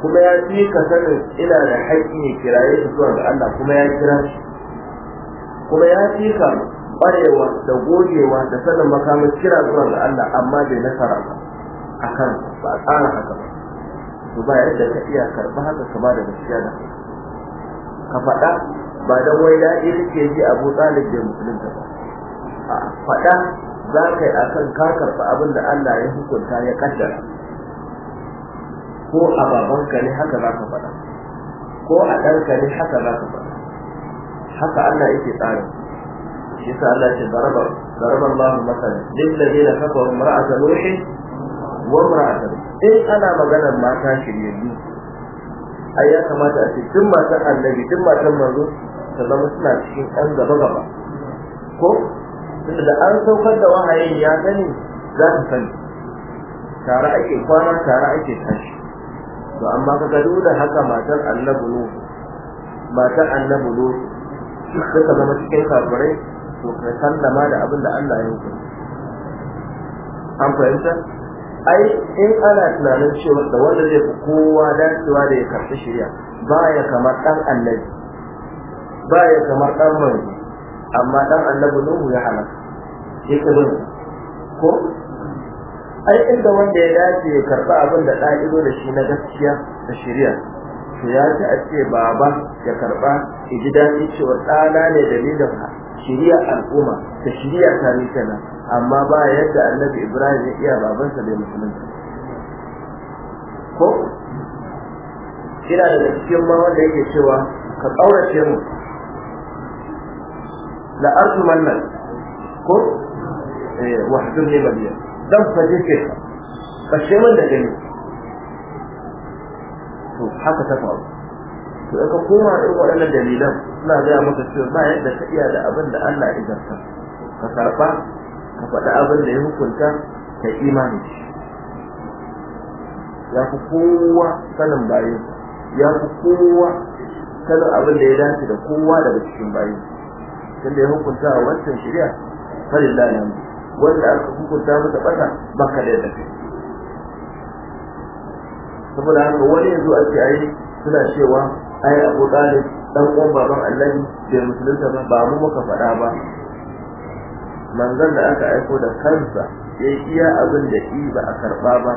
kuma ya fi ka sanin ina da haƙƙi ne kiraye su zuwa ga Allah kuma ya kira shi kuma ya fi ka ƙwarewa da gogewa da sanin makamin kira zuwa ga Allah amma bai nasara ba a kan ba a tsara haka ba to ba yadda ka iya karɓa haka kama da gaskiya da ka faɗa ba don wai daɗi kake ji abu tsalib bai musulunta ba a faɗa za ka yi a kan ka karɓa abin da Allah ya hukunta ya kaddara ko a babanka ne haka za ka faɗa ko a ɗanka ne haka za ka faɗa haka Allah yake tsarin shi yasa Allah ya ce daraba daraba Allah masal lil ladina kafaru mar'atu nuhin wa imra'atan in ana maganar mata shiryayyu ai ya kamata a ce duk matan annabi duk matan manzo ta zama suna cikin ɗan gaba gaba ko da an saukar da wahayin ya gani za su sani tare ake kwana tare ake tashi to amma ka gado da haka matar annabi nu matar annabi nu suka zama cikin kafirai to ka sallama da abin da Allah ya hukunta an fahimta ai in ana tunanin cewa da wanda zai fi kowa dacewa da ya karfi shirya ya kamar dan annabi ya kamar dan manzo amma dan annabi nuhu ya halaka ya kabin ko ai inda wanda ya dace ya karɓi abin da ido da shi na gaskiya da shirya to ya ci a ce baba ya karɓa ya ji daɗi cewa ɗana ne dalilin shiriya al'umma da shiriya tare kenan amma ba yadda annabi ibrahim ya iya babansa da musulunta ko kira da cikin ma wanda yake cewa ka kaurace mu la arzu mannan ko eh wahdun ne mabiya dan faje ke kashe man da gani to haka ta faru to in ka koma irin waɗannan dalilan suna gaya maka cewa ba yadda ka iya da abin da Allah ya zarta ka karɓa ka faɗi abin da ya hukunta ka imani ya fi kowa sanin bayan ya fi kowa sanin abin da ya dace da kowa daga cikin bayan tunda ya hukunta a wancan farin falillah ne wanda aka hukunta masa ba baka da yadda saboda haka wani yanzu a ayi suna cewa ai abu talib dan uwan baban annabi bai musulunta ba ba mu muka faɗa ba manzon da aka aiko da kansa ya iya abin da i ba a karɓa ba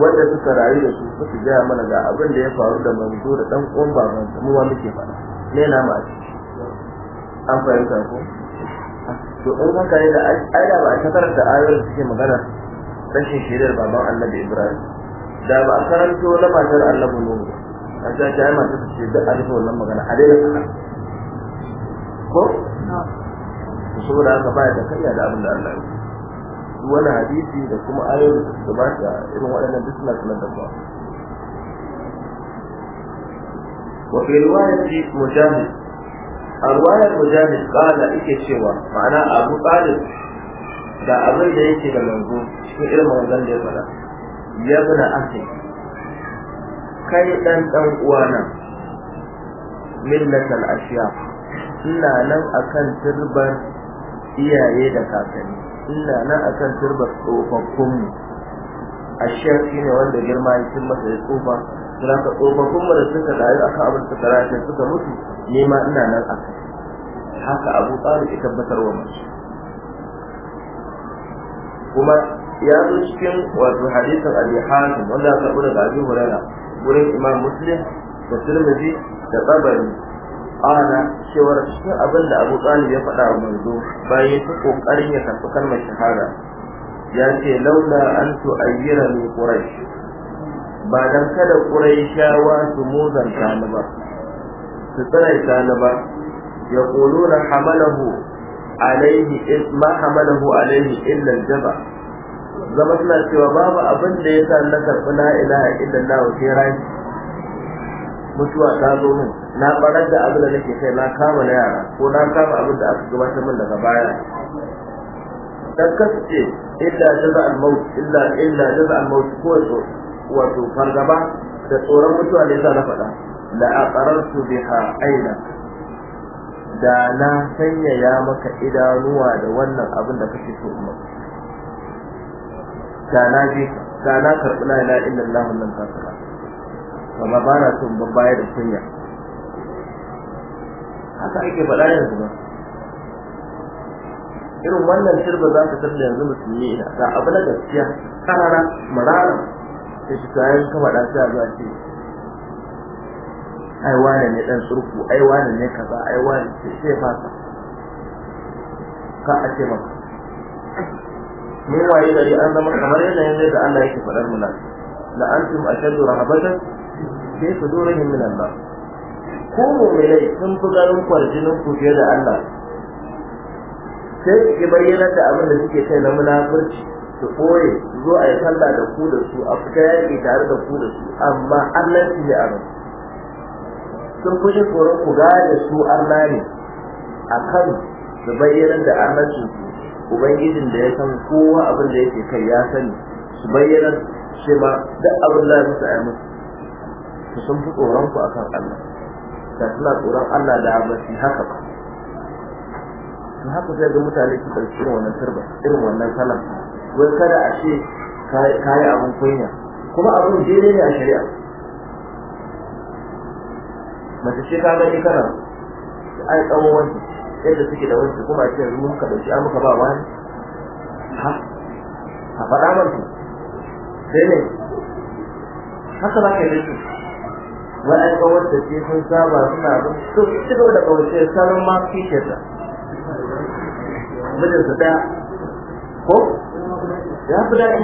wanda suka rayu da su suka gaya mana ga abin da ya faru da manzo da dan uwan baban mu ma muke faɗa ne na ma an fahimta ko to in haka ne da ai da ba a shakarar da ayoyin suke magana rashin shirin baban annabi ibrahim da ba a karanto na matar annabi nuhu a ta ta masu ce da a rufe wannan magana a daina faɗa ko to saboda haka baya da kariya da abin da Allah ya duk wani hadisi da kuma ayoyin da irin waɗannan duk suna sanar da su wa fi riwayati mujahid a ruwayar mujahid cewa ma'ana abu talib da abin da yake da manzo cikin irin manzon ya faɗa kai dan dan uwana millatal ashiya ina nan akan turbar iyaye da kakanni ina nan akan turbar tsofaffin mu ashiya shine wanda girma ya cin masa ya tsofa kira ka tsofaffin mu da suka rayu akan abin suka rayu suka mutu ne ma ina nan akan haka abu tsari ya tabbatar wa mace kuma ya zo cikin wato hadisin abi hatim wanda aka da daga abi hurairah wurin imam muslim da tirmidhi da tabari ana cewar cikin abin da abu talib ya faɗa wa manzo bayan ya ƙoƙarin ya karɓi kalmar shahada ya ce laula an tu'ayyira ni ƙurai ba don kada ƙurai shawa su muzanta tani ba su tsaraita tani ba yaquluna hamalahu alaihi ma hamalahu alaihi illa jaba zama suna cewa babu abin da ya sa na karɓi la ilaha illallah wa sai rai mutuwa ta zo min na barar da abin da nake kai na kama na yara ko na kama abin da aka gabatar min daga baya dan kasance illa jaza al-maut illa illa jaza al-maut ko wato fargaba da tsoron mutuwa ne za na faɗa la aqarartu biha aina da na sanyaya maka idanuwa da wannan abin da kake so maka da na je da na karɓi la ilaha illallah wannan kafara amma ba na son ban baya da kunya haka ake faɗa yanzu ba irin wannan shirba za ka tarda yanzu musulmi ina da abu na gaskiya karara marara da shi kayan kama ɗan sai a zuwa ce ai wane ne ɗan surku ai wane ne kaza ai wane ce sai fasa ka a ce maka mun waye gari an zama kamar yanayin yadda Allah yake faɗar muna la antum ashaddu rahabatan fi sudurihim min Allah ko mu'minai sun fi garin kwarjinin ku fiye da Allah sai ki bayyana da abin da suke kai na munafurci su koye zo a yi sallah da ku da su a fita yaƙi tare da ku da su amma Allah su yi abin sun fi tsoron ku gane su Allah ne a kan su bayyana da annabcin su ubangijin da ya san kowa abin da yake kai ya sani su bayyana shi ma duk abin da ya musu a musu su sun fi tsoron ku akan Allah da suna tsoron Allah da ba su haka ba su haka sai ga mutane su karfi irin wannan turba irin wannan salam wai kada a ce kayi abin kunya kuma abin daidai ne a shari'a mace ce ka gani kana ai tsawon wanki yadda suke da wani kuma ce yanzu muka dauki an muka ba wani ha a faɗa man su sai ne haka ba ka yi su wani an kawar da ce sun saba suna abin su ci gaba da kawace sanin ma ke ta su ɗaya ko ya fi daɗi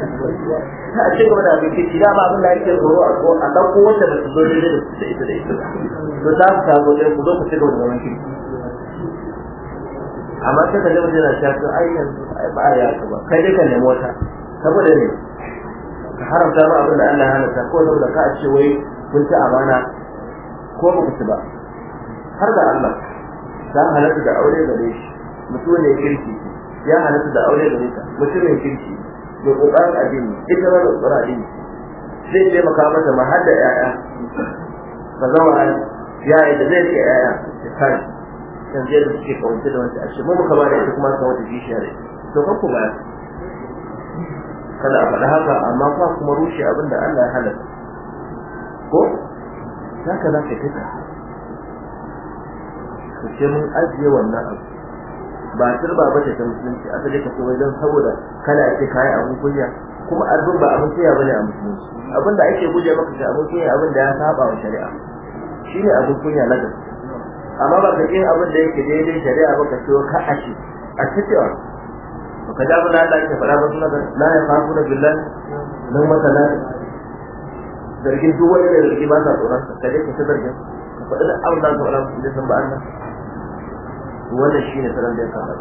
a ce gaba da abin ke shida ba abin da ake tsoro a ko a ɗauko wanda ba su zo da da su ita da ita to za ku samu da ku zo ku ci gaba da zaman kirki amma sai ka zama jira ta ai yanzu ai ba ya ka ba kai dai ka nemi wata saboda ne ka haramta ma abin da Allah ya halatta ko saboda ka a ce wai kun ci amana ko ba ku ci ba har da Allah za a halatta da aure gare shi mutum ne kirki ya halatta da aure gare ta mutum ne kirki mai kokarin addini ita ma da kokarin addini zai taimaka mata ma har da 'ya'ya ba zama ya yi da zai ke 'ya'ya da kare kan zai da suke kawance da wancan ashe mu muka ba da ita kuma kan wata bishiyar to kan ku kada a faɗi haka amma fa kuma rushe abin da Allah ya halatta ko za ka za ka fita to ce mun ajiye wannan abu ba turba ba ta musulunci aka je ka so wajen saboda kana ake kayan abin kunya kuma abin ba abin kunya bane a musulunci abin da ake guje maka shi abun kunya abin da ya saba wa shari'a shine abin kunya na gaske amma ba ka kin abin da yake daidai shari'a ba ka so ka ashe a cikin ba ka jabu na Allah ya fara ba suna da la ya fafu da billah nan mata na zargin duk wani da zargi ba sa tsoron ka dai ka ta zargin ka faɗi da abin da ka faɗa musulunci san ba Allah wannan shi ne salon da ya kama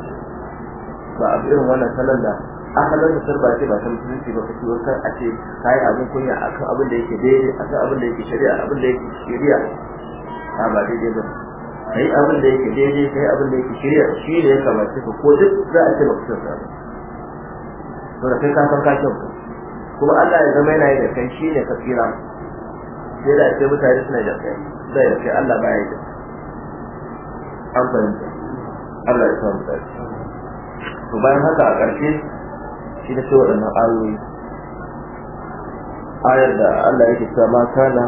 ba a irin wannan salon da a halar da sarba ce ba ta musulunci ba kaci wasu a ce ka yi abin kunya a kan abin da yake daidai a kan abin da yake shari'a abin da yake shari'a a ba daidai ba ka yi abin da yake daidai ka yi abin da yake shari'a shi ne ya kamace ka ko duk za a ce ba kusa sa ba kai ka san ka kuma Allah ya zama yana yi da kai shi ne ka tsira sai da ce mutane suna da kai da ya kai Allah baya yi da an fahimta Allah ya mu dace to bayan haka a ƙarshe shi ne sai waɗannan ayoyi ayar da Allah yake cewa ma kana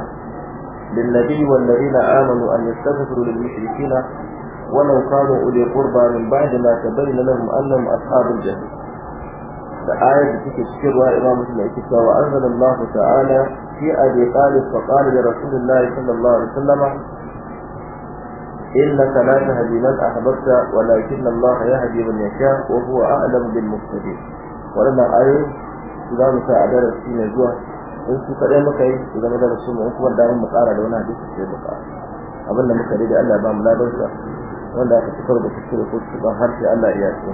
للنبي والذين آمنوا أن يستغفروا للمشركين ولو كانوا أولي قربى من بعد ما تبين لهم أنهم أصحاب الجحيم da ayar da take cikin ruwa imam muslim yake cewa wa anzala ta'ala fi abi talib fa qala li rasulillahi sallallahu alaihi wasallam innaka la tahdi man ahbabta walakin Allah yahdi man yasha wa huwa a'lam bil muhtadin wannan ayi za mu sa a darasi mai zuwa in su kaɗai muka yi su zama darasi mai kuma damar mu ƙara da wani hadisi sai mu ƙara abin da muka rage Allah ba mu ladar wanda aka fitar da su cire kotu ban har sai Allah ya ce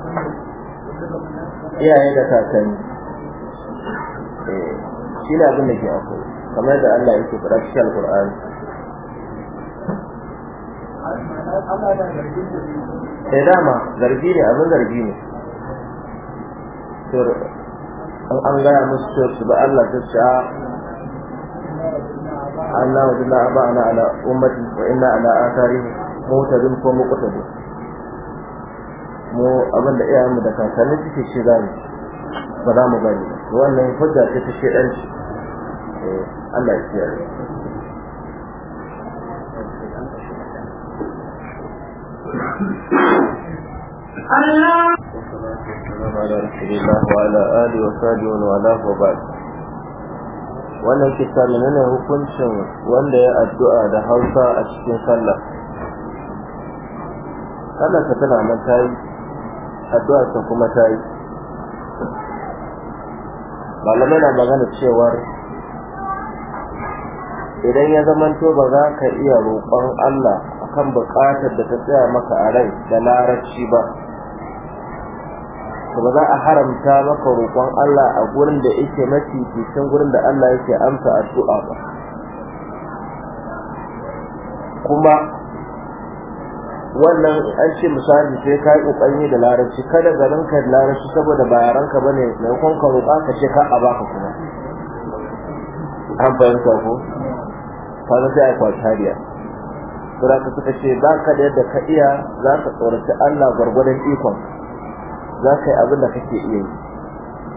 Thank you. iyaye da kakanni
eh, shi ne abin da ke akwai kamar da Allah yake faɗa shi Al-Qur'ani sai eh, dama zargi ne abin zargi ne an gaya musu cewa su ba Allah ta ce ah, Allah wajen na ba ana ala ummatin wa inna ala atarihi mutadin ko muqtadin mu abin da mu da kakanni suke ce za ba za mu bari wannan hujja ce ta shedanci eh, Allah ya kiyaye
Allah
ala ala wa sahbihi wa ala wa ba'd wannan kisa hukuncin wanda ya addu'a da Hausa a cikin sallah sallar ta tana nan yi. addu'ar ta kuma ta yi malamai na magana cewar idan ya zamanto ba za ka iya roƙon Allah kan buƙatar da ta tsaya maka a rai da larabci ba to ba za a haramta maka roƙon Allah a gurin da yake cikin gurin da Allah yake amsa addu'a ba kuma wannan an ce misali sai ka yi ƙoƙari da larabci kada garin ka larabci saboda ba yaran ka bane maimakon ka roƙa ka ce ka a baka kuma an fahimta ko ka ga sai a kwatariya sura ka suka ce ba ka da yadda ka iya za ka tsoraci Allah gwargwadon ikon za ka yi abin da kake iya yi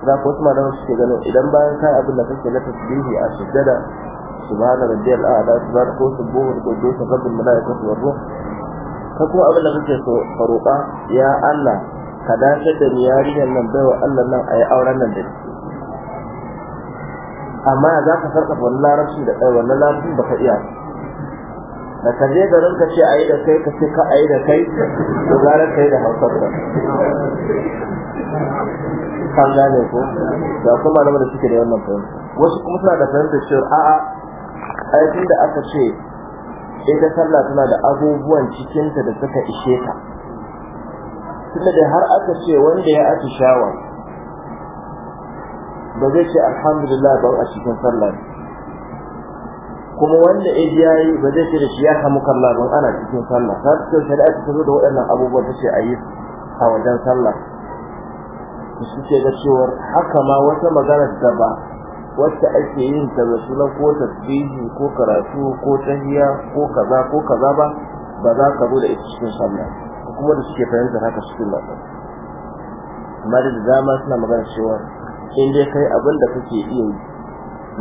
za ka wasu malaman suke ganin idan bayan ka yi abin da kake na tasbihi a sujjada subhana rabbiyal a'la subhana ko subuhu ko dosa rabbul malaikatu war ruh ka kuma abin da kake so ka roƙa ya Allah ka dace da yarinyar nan baiwa Allah nan a yi auren nan da ni amma za ka sarƙafa wani larabci da ɗaya wannan larabci ba ka iya da ka je garin ka ce a yi da kai ka ce ka a yi da kai to gara ka yi da hausar ka kan gane ko da kuma malaman da suke da wannan fahimta wasu kuma suna da fahimtar cewa a'a aikin da aka ce ita sallah tana da abubuwan cikinta da suka ishe ta tunda da har aka ce wanda ya atishawa ba zai ce alhamdulillah ba a cikin sallah kuma wanda idi ya yi ba zai ce da shi ya samu kalla ba ana cikin sallah ta ce shari'a ta zo da waɗannan abubuwa ta ce a yi a wajen sallah su ce da cewar haka ma wata magana da ba wacce ake yin ta da suna ko tasbihi ko karatu ko tahiya ko kaza ko kaza ba ba za ka zo da ita cikin sallah kuma da suke fahimtar haka cikin lafiya amma da dama suna magana cewa in dai kai abin da kake iya yi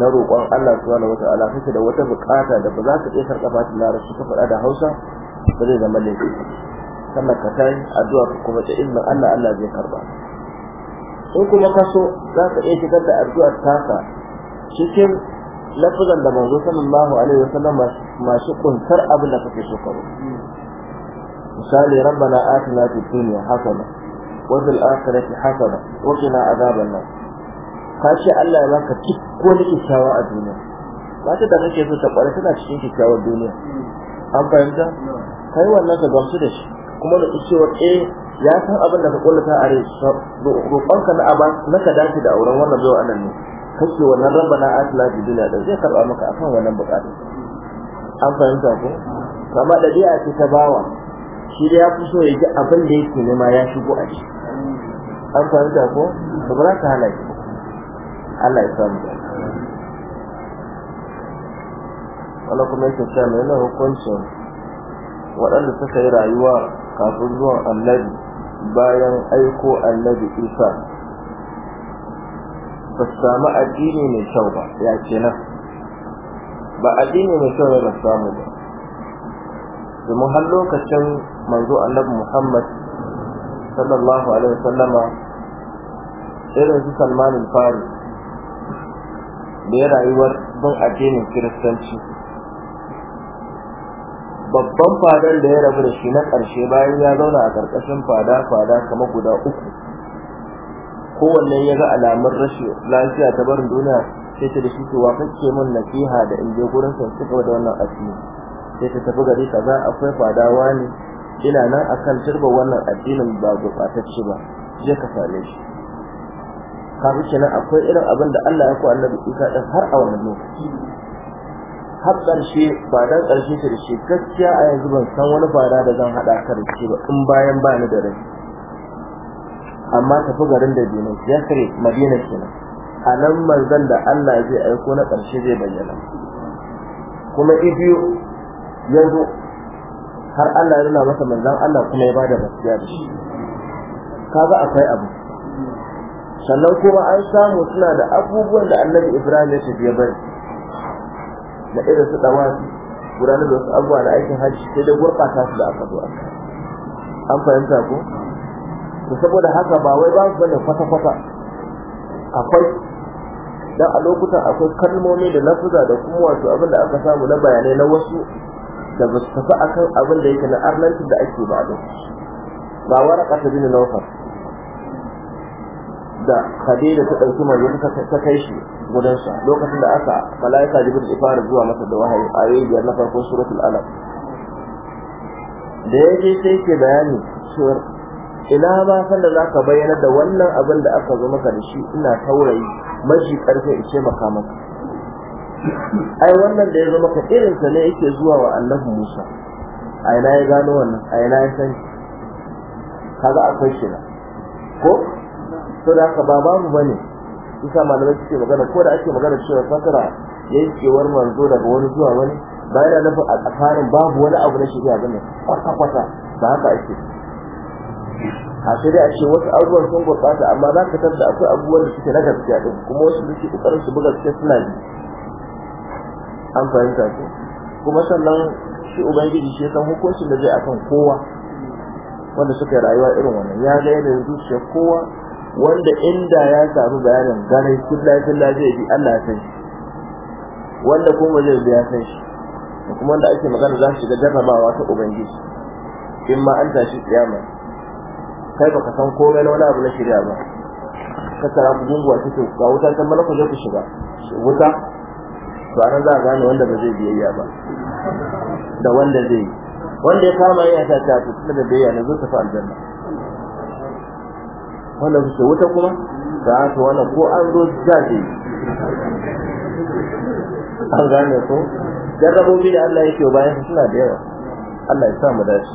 na roƙon Allah subhanahu wata'ala kake da wata buƙata da ba za ka iya sarƙafa ta larabci ka faɗa da Hausa ba zai zama laifi sannan ka tayi addu'a kuma da ilmin Allah Allah zai karba in kuma ka so za ka iya shigar da addu'ar taka cikin lafazan da manzo sallallahu alaihi wasallam masu kuntar abin da kake so karo misali rabbana atina fid dunya hasana wa fil akhirati hasana wa qina adhaban nar ka ce Allah ya baka duk wani kyakkyawa a duniya ba ta da kake so ta kware tana cikin kyakkyawar duniya an fahimta kai wannan ka gamsu da shi kuma da cewa eh ya san abin da ka kullata a rai roƙonka na aba na ka dace da auren wannan zuwa anan ne kake wannan rabbana atina fid dunya da zai karba maka akan wannan bukata an fahimta ko kama a ce ta bawa shi da ya fi so ya ji abin da yake nema ya shigo a ciki an fahimta ko to ba za ka hana Allah ya samu wani kuma yake cewa mai yana hukuncin waɗanda suka yi rayuwa kafin zuwan annabi bayan aiko annabi isa ba su samu addini mai kyau ba ya ce nan ba addini mai kyau ne ba samu ba domin har lokacin manzo annabi muhammad sallallahu alaihi wasallama irin su salman fari da ya rayuwar bin addinin kiristanci babban fadan da ya rabu da shi na ƙarshe bayan ya zauna a ƙarƙashin fada-fada kama guda uku kowanne ya ga alamun rashin lafiya ta barin duniya sai ta da shi to kake min nasiha da in je gurin sa suka da wannan addini sai ta tafi gari za akwai fadawa ne ina nan akan turba wannan addinin ba gurbatacce ba je ka same shi kafin kenan akwai irin abin da Allah ya ku annabi Isa din har a wannan lokaci har ƙarshe ba dan ƙarshe ta da shi gaskiya a yanzu ban san wani fara da zan haɗa ka da shi ba in bayan ba ni da rai amma tafi garin da dinin yasri madina kenan a nan manzon da Allah zai aiko na ƙarshe zai bayyana kuma ibiyo yanzu har Allah ya nuna masa manzon Allah kuma ya bada gaskiya da shi kaga akwai abu sannan kuma an samu suna da abubuwan da Annabi Ibrahim ya tafi ya bari da irin su dawasi gudanar da wasu abubuwa da aikin hajji sai da gurɓata su da aka zo an fahimta ko to saboda haka ba wai ba su bane kwata-kwata akwai dan a lokutan akwai kalmomi da lafuza da kuma wato abin da aka samu na bayanai na wasu da ba su tafi akan abin da yake na arnantin da ake ba a lokaci ba waraka ta bin naufar da khadija ta mai manzo ta kai shi gudansa lokacin da aka malaika jibin ya fara zuwa masa da wahayi yi biyar na farko suratul alam. da ya yaje sai ke bayani cewar ina ba sanda za ka bayyana da wannan abin da aka zo maka da shi ina taurayi mashi karfe ice maka maka ai wannan da ya zo maka irinsa ne yake zuwa wa annabi musa a ina ya gano wannan a ina ya sani kaga akwai shi na, ko to da haka ba babu bane isa malamai suke magana ko da ake magana cewa fatara yankewar manzo daga wani zuwa wani ba yana nufin a tsakanin babu wani abu na shirya bane kwata-kwata ba haka ake a sai dai a ce wasu abubuwan sun gurɓata amma za ka tarda akwai abubuwan da suke na gaskiya ɗin kuma wasu da suke ƙoƙarin su buga gaskiya suna bi an fahimta ko kuma sannan shi ubangiji shi san hukuncin da zai akan kowa wanda suka rayuwa irin wannan ya ga yanzu, zuciya kowa wanda inda ya samu bayanin garai kullai kullai zai bi Allah ya san shi wanda kuma zai biya san shi kuma wanda ake magana za su shiga jarrabawa ta ubangiji in ma an tashi tsiyama kai baka san komai na wani abu na shirya ba ka tara ku gunguwa cikin ga wuta ta malaku zai ku shiga wuta to a nan za a gane wanda ba zai biyayya ba da wanda zai wanda ya kama ya ta ta ta da biyayya ne zai tafi aljanna wanda su ce wuta kuma ga haka wannan ko an zo za ta yi an gane ko jarrabobi da Allah yake bayan suna da yawa Allah ya sa mu dace